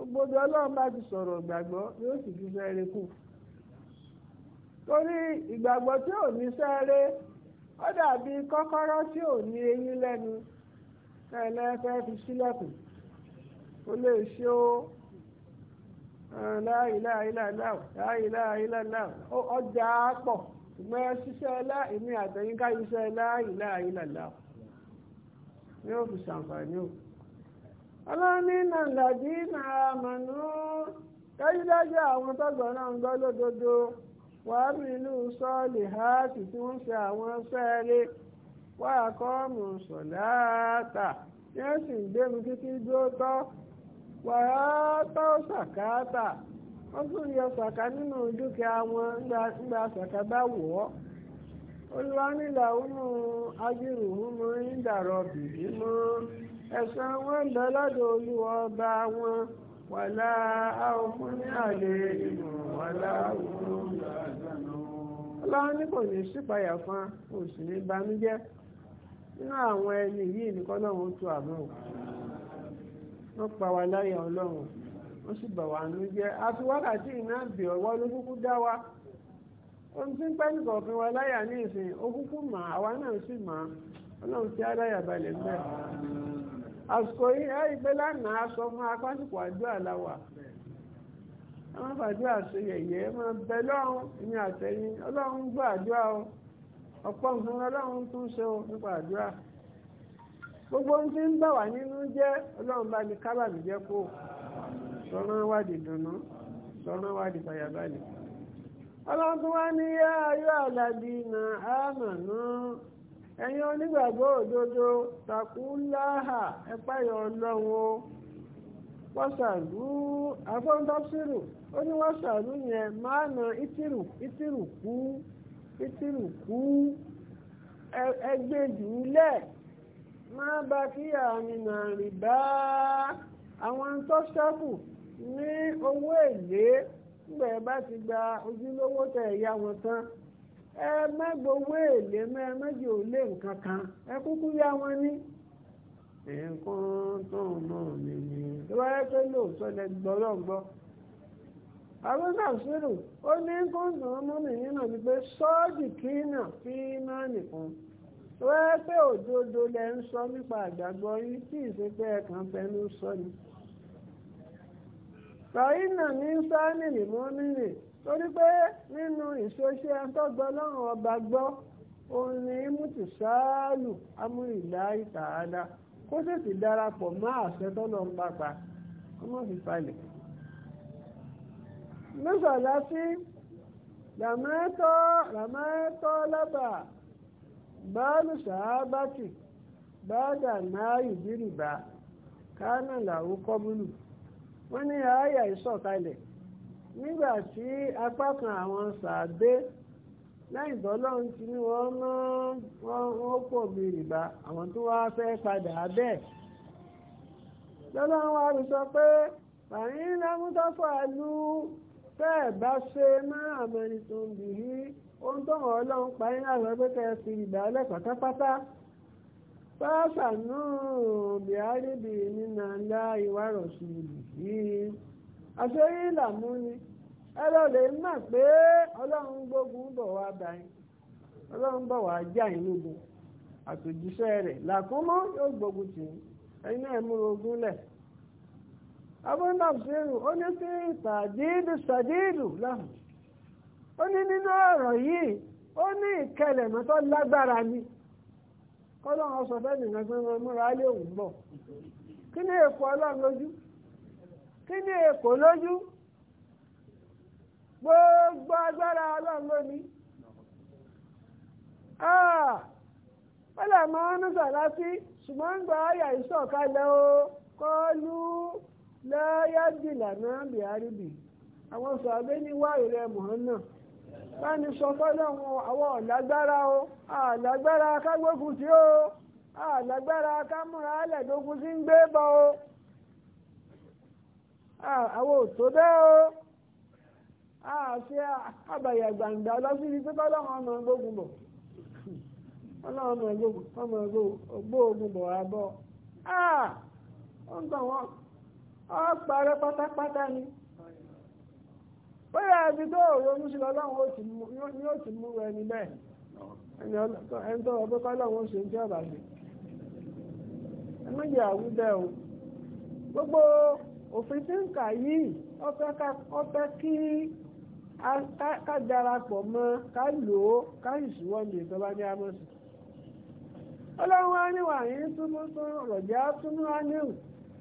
gbogbo bí ọlọ́run bá ti sọ̀rọ̀ ìgbàgbọ́ yóò sì fi sẹ́ẹ̀rẹ́ kù torí ìgbàgbọ́ tí ò ní sẹ́ẹ̀rẹ́ ó dàbí kọ́kọ́rọ́ tí ò ní eyín lẹ́nu tẹ́lẹ̀ fẹ́ fi sílẹ̀kùn kó lè ṣe ó ọjà pọ̀ ṣùgbọ́n ẹ ṣiṣẹ́ ẹlá èmi àtẹ̀yìnká iṣẹ́ láìláìláìláìláì ni ó fi ṣàǹfààní o. ọlọ́ni nàǹdàdí náà mọ̀nú dájúdájú àwọn tọ́gbọ̀n náà ń gbọ́ lódodo wàá ilu ìlú sọ́ọ̀lì háàtì tí wọ́n ṣe àwọn sẹ́ẹ̀rẹ́ wàá kọ́ sọ̀láàtà tí wọ́n sì ń gbénu títí dó tọ́ wàá tọ́ sàkáàtà wọ́n tún yọ bá wọ̀ ọ́ mọ́ ń dàrọ̀ ẹ̀san wọn lọ lọ́dọ̀ olúwa ọba wọn wàlá àwọn ní àlè ìmọ̀ wàlá òun ọlọ́run ní kò ní sípayà fún kò sì ní banújẹ́ nínú àwọn ẹni yìí nìkan lọ́wọ́ tó àmọ́ wọ́n pa wá láyà ọlọ́run wọ́n sì bà wá nú jẹ́ àti wákàtí iná bì ọwọ́ ló kúkú dá wa tí ń pẹ́ nìkan fún wa láyà ní ìsìn ó kúkú mà náà sì mà ọlọ́run tí á láyà balẹ̀ ń àsìkò yìí ẹ́ ìgbé lánàá aṣọ fún apásìkò àdúrà àláwà àwọn fàdúrà sí yẹ̀yẹ́ bẹ lọ́run ní àtẹ̀yìn ọlọ́run gbọ́ àdúrà o ọ̀pọ̀ nǹkan ọlọ́run tún ṣe o nípa àdúrà gbogbo ohun tí ń bà wá nínú jẹ́ ọlọ́run bá ní jẹ́ kó sọ̀rọ̀ dùnú sọ̀rọ̀ ọlọ́run wá ní yá ẹ̀yin onígbàgbọ́ òdodo takú láhà ẹ̀páyọ̀ ọlọ́run o wọ́n ṣàlù afọ́ńtọ́sírù ó ní wọ́n ṣàlù yẹn máa na ìtìrù ìtìrù kú ìtìrù kú ẹgbẹ́ jùlẹ̀ máa bá kí àmìnà rìbá àwọn tó ní owó èlé bá ti gba ojúlówó tẹ̀ ẹ̀yà wọn tán ẹ mẹ́gbọ́ owó èlé mẹ́jì ò lé nǹkan kan ẹ kúkú yá wọn ní. nǹkan tóun náà lè ní. tó bá lóòótọ́ ni sọ́ọ̀dì kínà fi máa nìkan. tó bá òdodo lẹ ń sọ nípa àgbàgbọ́ yìí tí ìṣepẹ́ ẹ̀kan ni. sọ ní sáà torí pé nínú ìṣoṣe tọ́gbọ́ ọlọ́run ọba gbọ́ òun ni mútu sáàlù amúrìlá ìtààdá kó sì ti darapọ̀ mọ́ àṣẹ tọ́lọ́ ń pàpà ọmọ fi falẹ̀. lọ́sọ̀lá sí ràmẹ́tọ́ ràmẹ́tọ́ lábà báàlù sàábàtì báàdà náà ìdírìbà kánà làwọn kọ́bùlù wọ́n ní àáyà ìsọ̀kalẹ̀. nígbà tí apá kan àwọn sàdé lẹ́yìn tọ́lọ́run ti ní wọ́n rán wọ́n bí rìbá àwọn tó wá fẹ́ padà bẹ́ẹ̀ lọ́lọ́run wá rí sọ pé pàrí lámútọ́fọ́ àlú tẹ́ẹ̀ bá ṣe máa àmẹ́rin tó ń bì í ohun tó wọ́n ọlọ́run parí láwọn pé kẹ́ ẹ fi ìgbà ọlẹ́kọ̀ọ́ pátápátá pásánù bíárìbì nínú ńlá ìwárọ̀ sí ìlú yìí. àṣírí làmú ni ẹ lọ mọ̀ pé ọlọ́run gbógun bọ̀ wá bá ọlọ́run bọ̀ wá jà yín lógun rẹ̀ làkúnmọ́ yóò gbógun tì í ẹ̀yin náà múra ogun lẹ̀ abúndàbùsẹ́rù ó ní sí sàdídù láhùn ó ní nínú ọ̀rọ̀ yìí ó ní tó ni kọ́lọ́run ọ̀sọ̀fẹ́ nìkan pé wọ́n múra lé òun bọ̀ kí ni èkó ọlọ́run lójú kí ni èkó lójú gbogbo agbára ọlọ́run ló ní ah, ó lè mọ ọ́nùsọ̀ ṣùgbọ́n ń gba ọ̀yà ìṣọ̀kalẹ̀ o kọlu lẹ́yàjìlá náà bìárìbì àwọn sọ̀rọ̀ ní wá mọ̀ọ́nà sọ fọ́lọ́run àwọn ọ̀lágbára o àlágbára o àlágbára ń gbé bọ́ o. Ah, àwọn òtó bẹ́ẹ̀ o A ah, àbàyà gbàǹdà lọ́síbi tó tọ́lọ́mọ ọmọ ah, ni bóyá ibi tó ronú sí ọlọ́run ni ó ti mú ẹni bẹ́ẹ̀ ẹni tó ọdún kọ́lọ́run ṣe o gbogbo òfin tí ń kà yìí ó fẹ́ kí ká darapọ̀ mọ́ ká lò ó ká ìṣúwọ́ ní ìjọba ní amọ̀sùn ọlọ́run á níwà yìí túnmú tún rọ̀já túnmú á níwù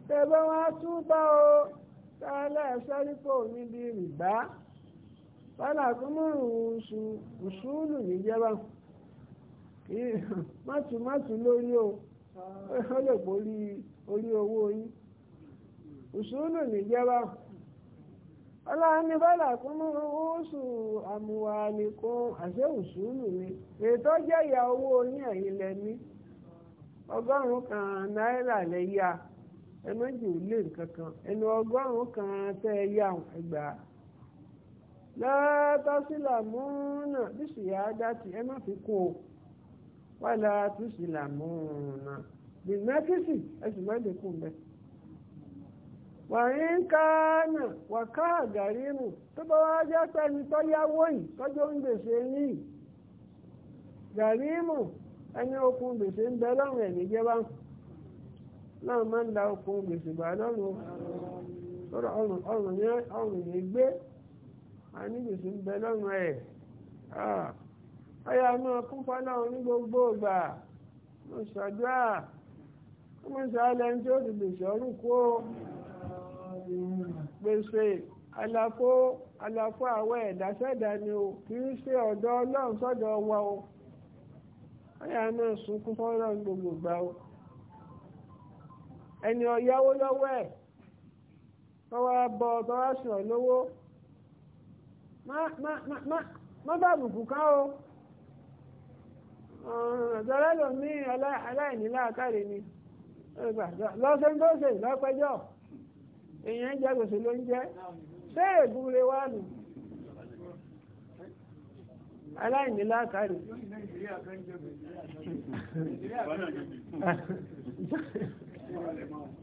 tẹ́gbẹ́ wọn á tún bá o tẹ́lẹ̀ sẹ́ríkò níbi rìbá bọ́lá kúmọ̀rún ṣùṣùlù níjẹba mọ́tùmọ́tù lórí o lè borí orí owó yín usulu nìjẹba ọlọ́ni bọ́lá kúnmú oṣù àmúwàlì usulu ni ètò jẹ́ ìyá owó ní ẹ̀yìn lẹ́ni ọgọ́rùn-ún kan náírà ya ẹ méjì ò lé nǹkan kan ẹnu ọgọ́rùn-ún kan tẹ́ ẹ yá ẹgbàá látọ́sílà múnà bíṣìyà dátì ẹ ma fi kún o wà látọ́sílà múnà bìnnẹ́kìsì sì má wàrín káánà wàká àgàrínù tó bá wá jẹ́ pẹ́ni tó yáwó yìí tọ́jú ń bese gàrímù ẹni okùn gbèsè ń bẹ lọ́rùn ẹ̀mí jẹ́bá náà máa ń da okùn gbèsè gbà lọ́rùn ọrùn yẹn ọrùn yẹn gbé àní gbèsè ń bẹ lọ́rùn ẹ̀ kún ní gbogbo gbèsè àlàfo àlàfo àwọn ẹ̀dá sẹ́dá ni o kì í ṣe ọ̀dọ̀ ọlọ́run sọ́dọ̀ wa o àyà náà sunkún fọ́nrán gbogbo gbà o ẹni ọ̀yáwó lọ́wọ́ ẹ̀ tọ́wọ́ bọ tọ́wọ́ sọ̀ lówó má bàbùkù ká o ọ̀rọ̀ lòmí aláìníláàkárẹ̀ ni lọ́sẹ̀ ń tó ṣe lọ́pẹ́jọ́. èèyàn jẹ gbèsè ló ń jẹ́, ṣé ègúnre wà nù aláìní láàkàrí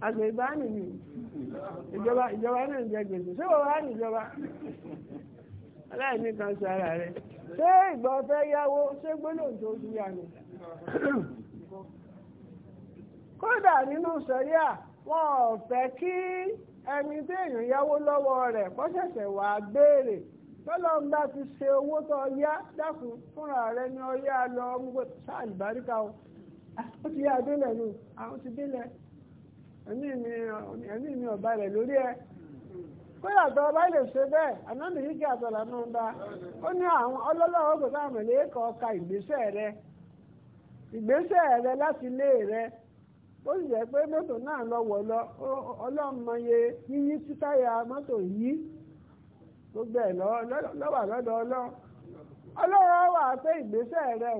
àgbègbà nìyí ìjọba ìjọba náà jẹ gbèsè ṣé wọ́n wá níjọba aláìní kan sí ara rẹ̀ ṣé ìgbà ọ̀fẹ́ yáwó ṣé gbólóhùn tó ti yà kódà nínú sẹ́ríà wọ́n ò kí ẹni tí èèyàn yáwó lọ́wọ́ rẹ̀ kó wà á béèrè tọ́lọ́run bá ti ṣe owó tó yá dákun fúnra rẹ̀ ni ọyá lọ ń gbé sáàlì báríkà o ó ti yá délẹ̀ nù àwọn ti délẹ̀ ẹ̀mí mi ọ̀bá rẹ̀ lórí ẹ̀ kódà tó ọba lè ṣe bẹ́ẹ̀ ànábì yìí kí àtọ̀là náà bá ó ní àwọn ọlọ́lọ́wọ́ kò sáà mọ̀lẹ́kọ̀ọ́ ka ìgbésẹ̀ rẹ̀ ìgbésẹ̀ rẹ̀ láti lé rẹ̀ ó sì jẹ́ pé mọ́tò náà lọ wọ̀ lọ ọlọ́mọye yíyí sítáyà mọ́tò yìí gbogbo ẹ̀ e lọ́wà lọ́dọ̀ ọlọ́run ọlọ́run wà pé ìgbésẹ̀ rẹ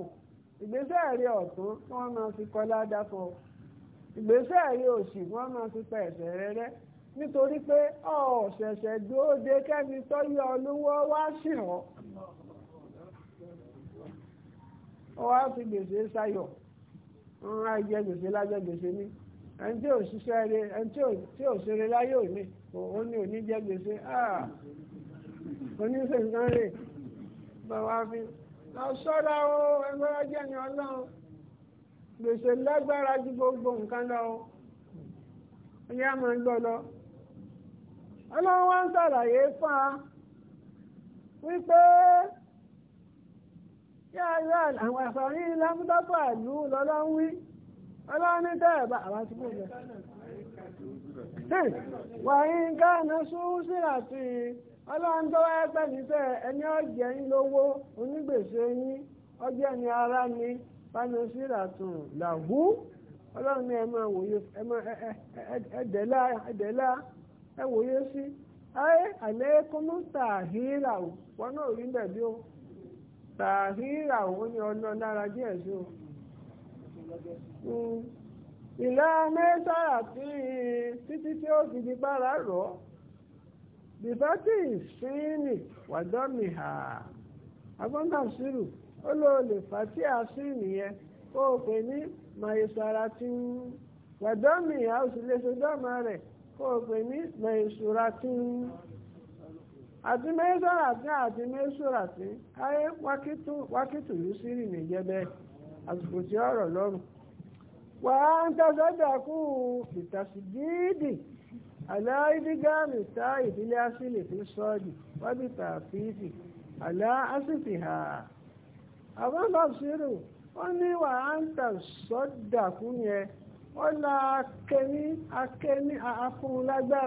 ìgbésẹ̀ rẹ ọ̀tún wọ́n máa fi kọ́ ládàfọ́ ìgbésẹ̀ rẹ òsì wọ́n máa fi pa ẹ̀sẹ̀ rẹ rẹ́ nítorí pé ọ̀ṣẹ̀ṣẹ̀ dóde kẹ́mi tó olówó wá ọ́ wá fi gbèsè sayọ̀. wọn á jẹ gbèsè lájẹ gbèsè ní ẹni tí ò ṣiṣẹ́ rẹ ẹni tí ò ṣeré láyé òní òun ni òní jẹ gbèsè oníṣẹ́ ah! nǹkan rè bàbá fi lọ sọ́ra o ẹgbẹ́ ọjọ́ ni ọlọ́run gbèsè lágbára ju gbogbo nǹkan lọ o ẹyà máa ń gbọ́ lọ ọlọ́run wá ń ṣàlàyé fún wa wípé. yáàrán àwọn àfàrí lámúdọ́pọ̀ àlú lọ́lọ́run wí ọlọ́run àwọn ti kó lọ wà ní káàná súnsìnà sí ọlọ́run tó wáyé pẹ́ ẹni lówó onígbèsè ọjẹ́ ni ara ni fánusíra tún làwú sí ayé bàhírà òun ni ọlọ lára díẹ̀ sí o hmm. ìlà mẹ́sàrà tí títí tí ó fi di bára rọ̀ bìbátì ìsínì wàdọ́mìhà agbọ́ndà sírù ó lò lè fà tí a sí nìyẹn ó pè ní màìsàrà tí ha ó sì lè rẹ̀ ó pè ní màìsùrà tí àtìmẹ́sọ̀ràtì àti mẹ́sọ̀ràtì káyé wákìtùlù sírì nìjẹ́bẹ́ àsìkò tí ọ̀rọ̀ lọ́rùn wà á ń tọ́sọ́jà kú ìtàsídìídì aláìdígáàmì tá ìdílé asílè fi sọ́ọ̀dì wábìtà fíìtì aláàsìtì hà àwọn lọ́sírù ó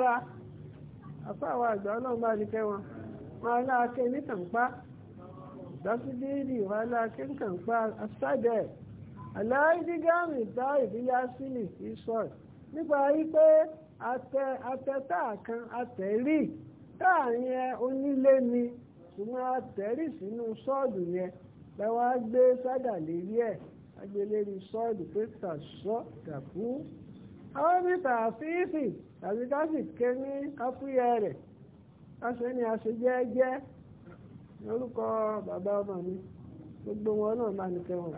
a àfáàwọ̀ àgbà ọlọ́run bá ní kẹ́ wọn wọn aláàkẹ́ nítànpá dọ́sídìrì wọn aláàkẹ́ nítànpá asádẹ́ aláìdígáàmì tá ìdíyá sílì ìsọ̀ nípa wípé atẹ táà kan atẹ rí táà yẹn onílé ni ṣùgbọ́n atẹ rí sínú sọ́ọ̀dù yẹn lẹ́wọ́n á gbé sádà lérí ẹ̀ agbélérí sọ́ọ̀dù pé tàṣọ́ tàkú àwọn mítà fífì tàbí ká sì ké ní káfíyẹ rẹ̀ káṣe ni a lórúkọ bàbá ọmọ mi gbogbo wọn náà máa ní kẹwọn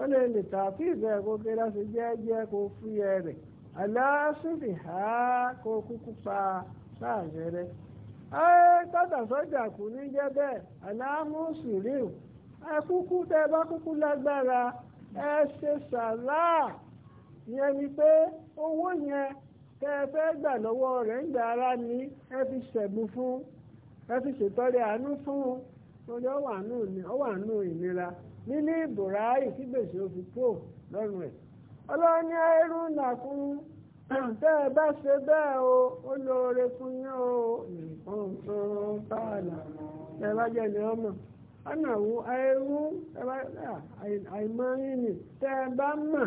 ó lè lè tà ẹ̀ kó ké láṣe kó fíyẹ rẹ̀ aláṣùfì kó kúkú pa sáàrẹ̀ ẹ tọ́tà sọ́jà kù ní jẹ́ bẹ́ẹ̀ aláàmú ẹ kúkú tẹ bá kúkú lágbára ìyẹn ni pé owó yẹn tẹ́ ẹ fẹ́ gbà lọ́wọ́ rẹ̀ ń gbà ara ni ẹ fi ṣẹ̀bùn fún ẹ fi ṣètọrẹ àánú fún un torí ọ ìnira nílé ìbòráì tí gbèsè ó fi kúrò lọ́rùn ẹ̀ ọlọ́run ní ẹrú tẹ́ ẹ bá ṣe o ó lóore fún yín o nǹkan tó bá àlà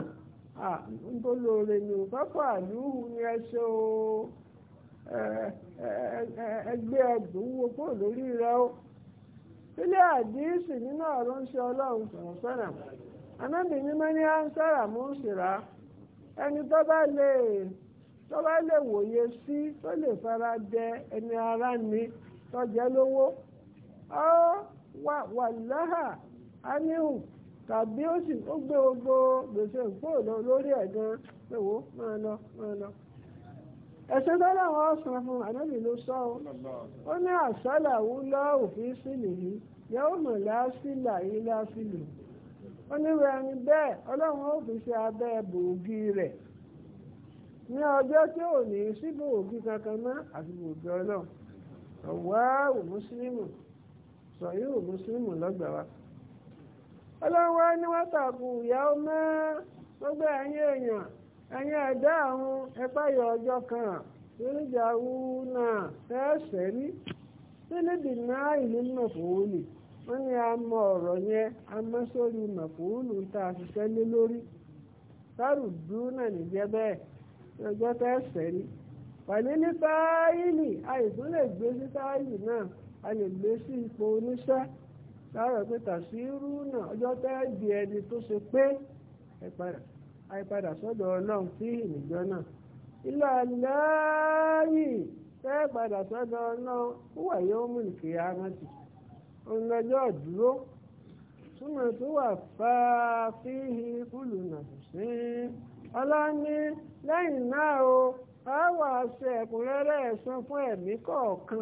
tó lóore ni ò pápá ni wo lórí rẹ o sílẹ̀ àdíìsì nínú ọ̀rọ̀ ń ṣe ọlọ́run sọ̀rọ̀ sọ̀rọ̀ anábì ní mẹ́ni á ń ẹni tó lè wòye sí ara ni ọ wà tàbí ó sì ó gbé gbogbo gbèsè ìpò lọ lórí ẹ̀gan pẹ̀wó máa lọ máa lọ. ẹ̀sẹ̀ tọ́lá wọn san fún ànábì ló sọ ọ́ ó ní àsálà wúlọ́ òfin sí nìyí yóò mọ̀ lásìlà yìí lásìlò ó níwèé ẹni bẹ́ẹ̀ ọlọ́run ó fi ṣe abẹ́ bòógì rẹ̀ ní ọjọ́ tí ò ní sí bòógì kankan mọ́ àti bòógì ọlọ́run ọ̀wá òmùsùlùmù sọ̀yìn òmùsùlùmù lọ́gbàá wa. ọlọ́run wá ní ya ìyá ọmọ gbogbo ẹ̀yin èèyàn ẹ̀yin ẹ̀dá àwọn ẹ̀páyọ̀ ọjọ́ kan lóríjà wú náà fẹ́ẹ̀sẹ̀ rí náà ìlú wọ́n ní a mọ ọ̀rọ̀ yẹn a mọ́ sórí mọ̀fòólù tá a ṣiṣẹ́ lé lórí sárùdú náà nìjẹ́ bẹ́ẹ̀ ọjọ́ fẹ́ẹ̀sẹ̀ rí ní àìsàn lè gbé sí náà a lè gbé sí ipò oníṣẹ́ sáárọ̀ pé tàṣírù náà ọjọ́ tẹ́ di ẹni tó ṣe pé àìpadà sọ́dọ̀ ọlọ́run sí ìnìjọ́ náà ilé aláàyè tẹ́ padà sọ́dọ̀ ọlọ́run wúwà yóò mú ìkìyà rántí ọ̀nàjọ́ dúró súnmọ̀ tó wà fàáfíhì kúlù nàìjíríà ọlọ́ni lẹ́yìn náà o a wà ṣe ẹ̀kúnrẹ́rẹ́ ẹ̀san fún ẹ̀mí kọ̀ọ̀kan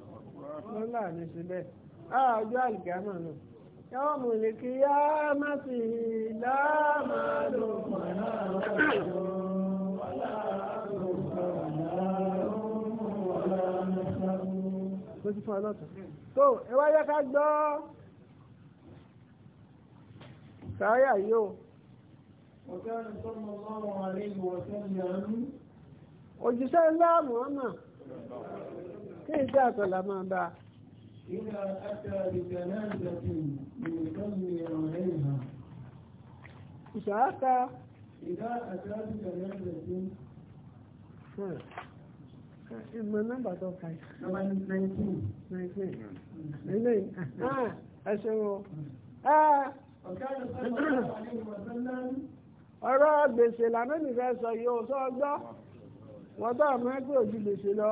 wọn láàánú síbẹ̀ àjọ àlìkámọ̀ náà yàwọn mọ̀lẹ́kì yá má sì láàmà lò mọ̀nà ló ti fún ọlọ́tọ̀ tó ẹ wá yá ká gbọ́ sáyà yìí o. وكان الله عليه وسلم òjíṣẹ́ ńlá mọ̀ọ́mà kí n jẹ́ àtọ̀là máa bá a إذا أتى بجنازة يصلي عليها إذا أتى إذا أتى بجنازة Ìmọ̀ nọ́mbà tó ka yìí. Nọ́mbà 19. 19. Ilé ẹ̀ṣẹ̀ wọn. Ọ̀rọ̀ gbèsè lànà nìfẹ́ sọ yìí ó sọ gbọ́. Wọ́n tọ́ àmọ́ ẹgbẹ́ òjú gbèsè lọ.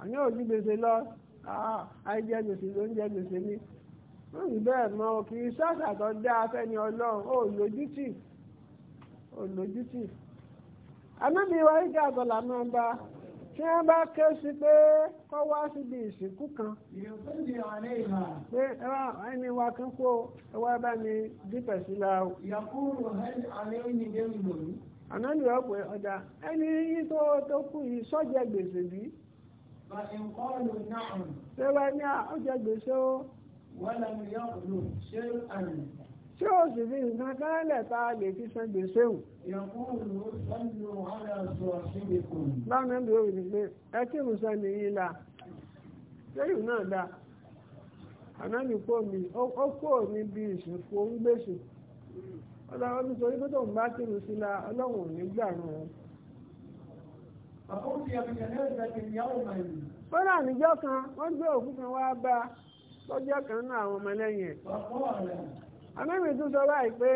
Àní òjú gbèsè lọ àìjẹ ah, gbèsè ló ń jẹ gbèsè ni wọ́n rí bẹ́ẹ̀ mọ́ kì í ṣàṣà tó dá afẹ́ni ọlọ́run ó lójútì ó lójútì anábì wa ìjà àtọ̀là máa bá tí wọ́n bá ké sí pé kọ́ wá síbi ìsìnkú kan pé ẹni wa kan kó ẹwà bá mi dípẹ̀ sí la o. anábì wa pé ọjà ẹni yìí tó kú yìí sọ́jẹ́ gbèsè bíi. ṣé wẹ́n ní ọjọ́ gbèsè ṣé o sì fi nǹkan kánlẹ̀ tá a lè fi san gbèsè o. báwọn ẹbí ó rí pé ẹ kí n sọ nìyí la lẹ́yìn náà dá ànáni kó mi ó kó mi bí ìsìnkú ń o ọlọ́run nítorí pé tóun bá kírun sí la ọlọ́run ò ní gbà ràn ó rà níjọ́ kan wọ́n gbé òkú kan wá bá lọ́jọ́ kan náà àwọn ọmọ lẹ́yìn ẹ̀. amẹ́rin tún sọ báyìí pé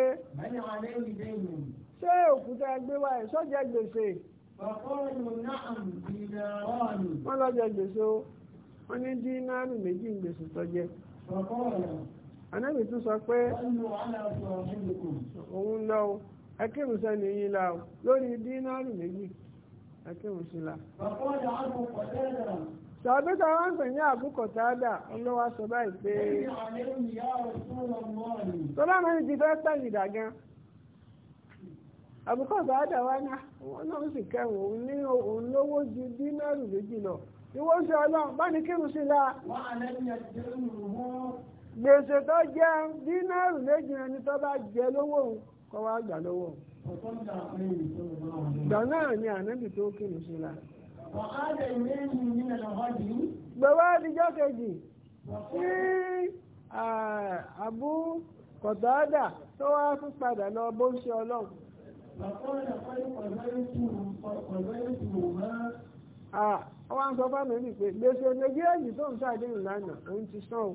ṣé òkúta gbé wá ẹ̀ sọ́jà gbèsè. wọ́n lọ́jọ́ gbèsè o wọ́n ní dínárù méjì ń gbèsè tọ́jẹ́. amẹ́rin tún sọ pé òun lọ ẹkẹ́rùsẹ́ nìyí la lórí dínárù méjì akéwòn sí la. sàbí ta wá ń pè ní àbúkọ̀tádà olówó aṣọ báyìí pé. tọ́lá mẹ́rin ti fẹ́ tẹ̀lìdà gan. àbúkọ̀tádà wá ní àwọn náà sì kẹrùn òun ní òun lówó ju dínárù méjì lọ. ìwọ ṣe ọlọ́run bá ní kírun sí la. gbèsè tó jẹ Ìgbà náà ni ànábì tó kìrì sí la. Gbẹ̀wá àdìjọ́ kejì tí àbú kọ̀tọ́dà tó wá fún padà lọ bó ń ṣe ọlọ́run. Àwọn àǹsọ́fà mi rí pé gbèsè méjì tó ń sáà dé òun ti sán o.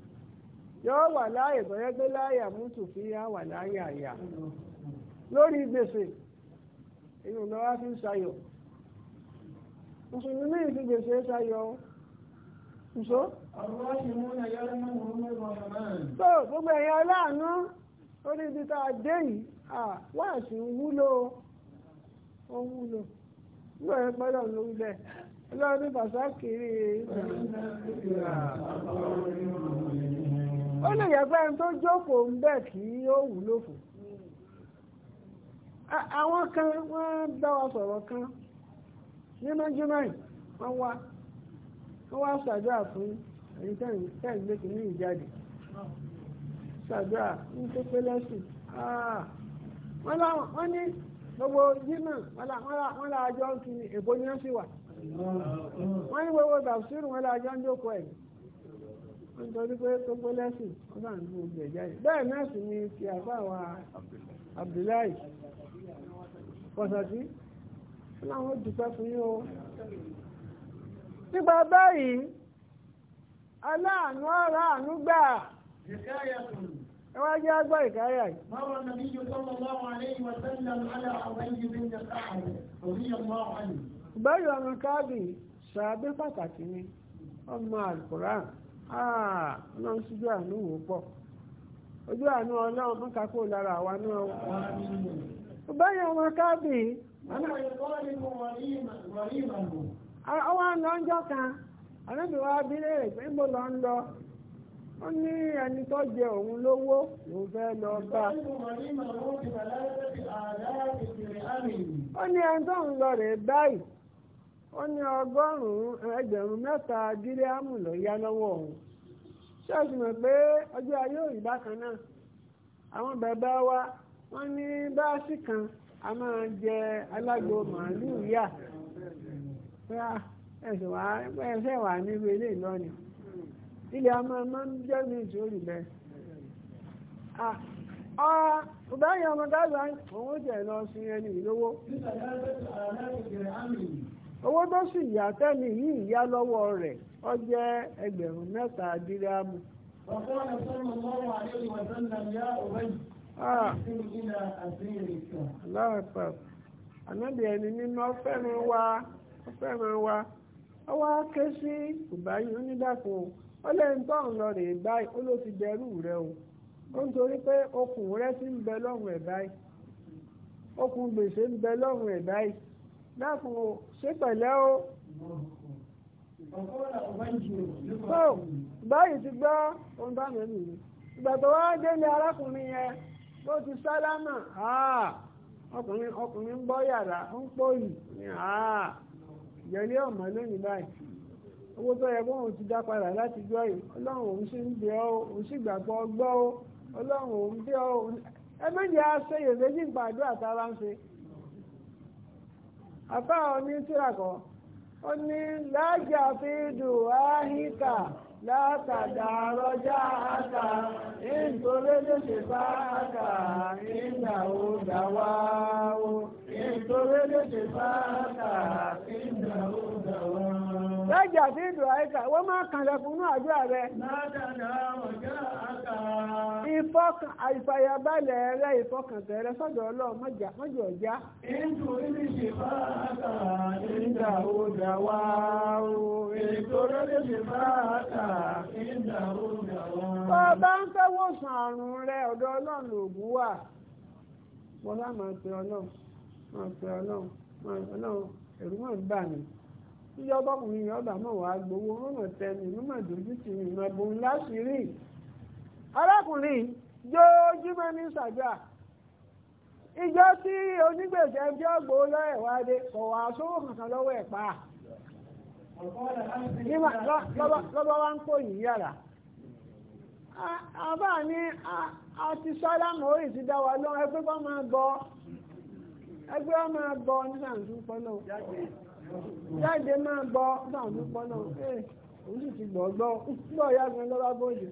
yóò wà láàyè tó yẹ pé láàyè mútu fi á wà láàyè àyà lórí gbèsè inú lọ wá fi ń sayọ mùsùlùmí fi gbèsè sayọ nso. ọ̀rọ̀ ṣì mú ẹ̀yà nínú ìwé ọ̀rọ̀ tó gbogbo ẹ̀yà aláàánú lórí ibi tá a dé yìí wá sí wúlò ó wúlò nígbà yẹn pẹ́lú lórí bẹ́ẹ̀ ọlọ́run ní pàṣẹ kiri ó lè yẹ pé ẹni tó jókòó ń bẹ̀ kí ó wúlò fún àwọn kan wọ́n bá wa sọ̀rọ̀ kan nínú jùmọ̀ wọ́n wá wọ́n wá ṣàdúrà fún ẹni tẹ́yìn gbé kìíní ìjáde ṣàdúrà ń tó pé lẹ́sìn wọ́n ní gbogbo jimá wọ́n láàjọ ń kiri èbó ní wọ́n sì wà wọ́n ní gbogbo bàbá sírù wọ́n láàjọ ń jókòó ẹ̀yìn nítorí pé gbogbo lẹ́sìn ó bá ń gbogbo ẹ̀ jáde bẹ́ẹ̀ náà sì ni ti àfáwà Abdullahi pọ̀sọ̀tí láwọn dùpẹ́ fún yín o nípa báyìí aláàánú ọ̀rọ̀ àánú gbà ẹwà jẹ́ agbọ́ ìkáyà yìí. Máwọn nàbí yóò tọ́lọ̀ láwọn àlẹ́yìn wa sẹ́lẹ̀ mọ́lá àwọn ẹ̀yìn bí ní káàrẹ̀ orí ọmọ ọ̀hánì. Bẹ́ẹ̀ ọmọ káàbì sàábé pàtàkì ni ọmọ àlùkùránì. Ah, ọlọ́run síjú àánú wò pọ̀ ojú àánú ọlọ́run mọ́ kakó lára àwa náà ó báyọ̀ wọn káàbì ọwọ́ ń kan àlébìwá abílẹ̀ pé ń lọ ń lọ ó ní ẹni tó jẹ òun lówó fẹ́ lọ bá ó ní ẹni ń lọ rẹ̀ báyìí ó ní ọgọ́rùn-ún ẹgbẹ̀rún mẹ́ta gíríàmù ló yá lọ́wọ́ òun ṣọ́ọ̀ṣì mọ̀ pé ọjọ́ ayé òrì bákan náà àwọn bàbá wa wọ́n ní báàsì kan a máa jẹ màálùú yà wà ilé ilé ń jẹ́ mi ìtòrí bẹ́ẹ̀ ọ̀bẹ́yìn òun lọ sí ẹni ìlówó. owó tó sì yìí yá lọ́wọ́ rẹ̀ ọ jẹ́ ẹgbẹ̀rún mẹ́ta dírámù. ọ̀pọ̀ ọ̀nà sọ́nà mọ́wọ́ àdéhùn ọ̀sán náà yá òwẹ́yìn láàpá ànábì ẹni nínú wa wa ké sí ìbáyé onídàkùn ó lẹ́yìn o ó ń torí pé okùn rẹ ti ń bẹ lọ́rùn ẹ̀ báyìí okùn gbèsè dákun o ṣé pẹ̀lẹ́ o. tó báyìí ti gbọ́ ohun bá mi nìyí ìgbà tó wá délé arákùnrin yẹn bó ti sálámà ọkùnrin ọkùnrin ń bọ́ yàrá ń pòyì yẹlé ọ̀mọ́ lónìí báyìí owó tó yẹ kóhun ti dá padà láti gbọ́ yìí ọlọ́run òun sì ń bẹ ọ́ òun sì gbàgbọ́ gbọ́ ọ́ ọlọ́run òun bẹ ọ́ ẹ méjì á ṣe yèméjì ń pàdé àtàrà ń ṣe àbá òní tírakọ̀ ó ní lájà fi dùn áhíkà látàdà rọjá àkà nítorí lóṣè bá àkà nígbà ó dà wá o nítorí lóṣè bá àkà nígbà ó dà wá o. fi dùn áhíkà wọ́n máa kànlẹ̀kùn ní àdúrà rẹ̀. látàdà rọjá àkà ìfọkàn àìfàyàbalẹ̀ rẹ ìfọkàn tẹ̀rẹ sọ́dọ̀ ọlọ́run mọ́jà mọ́jà ọ̀já. nítorí ní ṣe bá àtà ìdá òdà wá o nítorí ní ṣe bá àtà ìdá òdà wá. bá a bá ń fẹ́ wòsàn àrùn rẹ ọ̀dọ̀ ọlọ́run ògùn wà wọ́n lá máa pe ọlọ́run máa pe ọlọ́run máa pe ọlọ́run ẹ̀rù máa ń bà mí níjọba ọkùnrin yọba mọ̀ wá gbowó mọ̀ tẹ́ni mọ̀ dójú tì mí mọ̀ bùn láṣìírí. arákùnrin jójúmọ́ ní sàdúrà ìjọ tí onígbèsè ẹbí ọgbò lọ́ẹ̀ wá kò wá sówó kankan lọ́wọ́ ẹ̀ lọ́bọ́ wá ń kó yìí yàrá àbá ní ti dá wa lọ́wọ́ ẹgbẹ́ bá ẹgbẹ́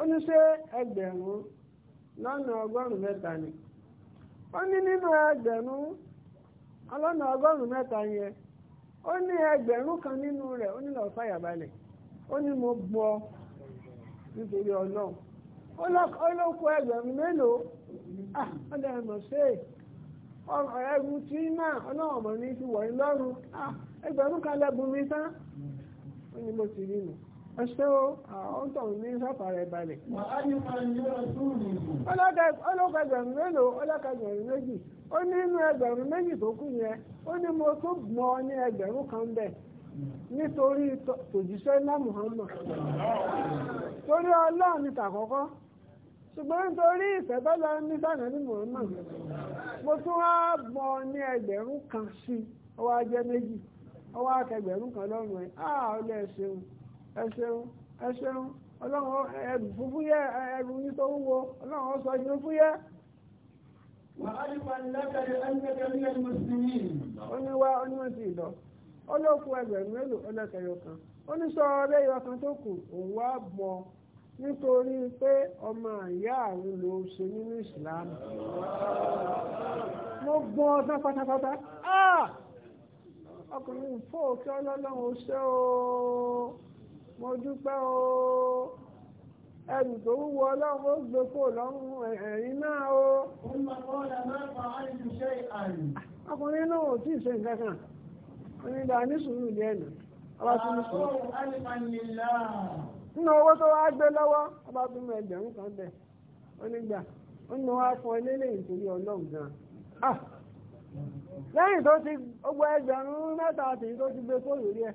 ó ní ṣé ẹgbẹ̀rún lọ́nà ọgọ́rùn-ún mẹ́ta ni ó ní nínú ẹgbẹ̀rún ọlọ́nà ọgọ́rùn-ún mẹ́ta yẹn ó ní ẹgbẹ̀rún kan nínú rẹ̀ ó ní lọ́ọ́ fàyàbalẹ̀ ó ní mo gbọ́ nítorí ọlọ́run ẹgbẹ̀rún mélòó ṣe tí náà ọlọ́run ní ti wọ̀ kan lẹ́bùn mi ti rí ọ o àwọn tọ̀hún ní sáfà rẹ̀ balẹ̀. ọlọ́kẹgbẹ̀rún mélòó ní inú ẹgbẹ̀rún mo kan be nítorí tòjíṣẹ́ ńlá Muhammad torí ọlọ́run ní tàkọ́kọ́ ṣùgbọ́n nítorí ní ní mo tún wá ní ẹgbẹ̀rún kan sí méjì akẹgbẹ̀rún kan lọ́rùn ẹ̀ ẹ ṣeun ẹ ṣeun ọlọ́run ẹrù fúnfún yẹ ẹrù yín tó wúwo ọlọ́run sọ yín fún yẹ. ó ní wá ó ní wọ́n ti lọ ó ló kú ẹgbẹ̀rún mélòó ọlọ́kẹyọ kan ó ní sọ ọ̀rẹ́ yọ kan tó kù òun wá bọ̀ nítorí pé ọmọ ìyá àwọn ló ṣe nínú ìsìlámù mo gbọ́n ọdún pátápátá ah! ọkùnrin fóòkè ọlọ́lọ́run ó ṣe ooo mo dúpẹ́ o ẹrù tó wúwo ọlọ́run ó gbé kó lọ́rùn ẹ̀rín náà o. ọkùnrin náà ò tí ì ṣe nǹkan kan onígbà ní sùúrù ní ẹ̀nà ọba tó ní sùúrù. nínú owó tó wá gbé lọ́wọ́ ọba tó mú ẹgbẹ̀rún kan bẹ̀ onígbà ó ní wá fún ẹ lélẹ́yìn torí ọlọ́run gan ah! lẹ́yìn tó ti gbọ́ ẹgbẹ̀rún mẹ́ta àti tó ti gbé kó lórí ẹ̀.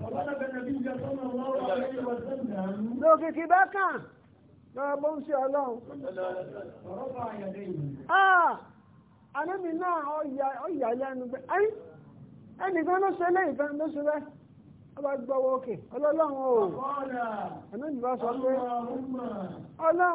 lókìkí bá kàn lọ́wọ́ bó ń ṣe ọlọ́run ah, ànábì náà ọ̀yà lẹ́nu pé ayé ẹnìkan ló ṣe lẹ́yìn kan ló ṣe rẹ́ ọba gbọ́wọ́ òkè ọlọ́run o ọlọ́run o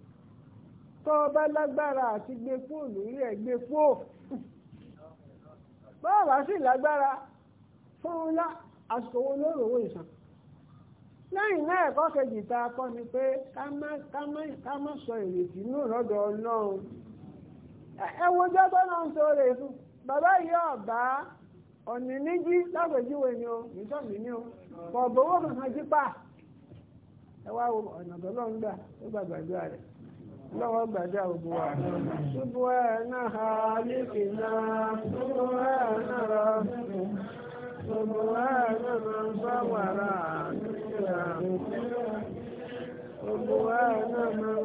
tó o bá lágbára àti gbé fóònù rí ẹ̀ gbé fóònù báwo lágbára fún ńlá àsìkò owó ìsàn lẹ́yìn ni pé ká má sọ ìrètí nù lọ́dọ̀ ọlọ́run ẹ wo náà ń baba fún bàbá yìí ọ̀bá ọ̀nì ni o nìtọ́mì ni o kọ̀ bówó kankan lọ́wọ́ gbàdá òbú wa. ẹ̀ náà ha lékè náà, ṣubú ẹ̀ náà rọ, ṣubú ẹ̀ náà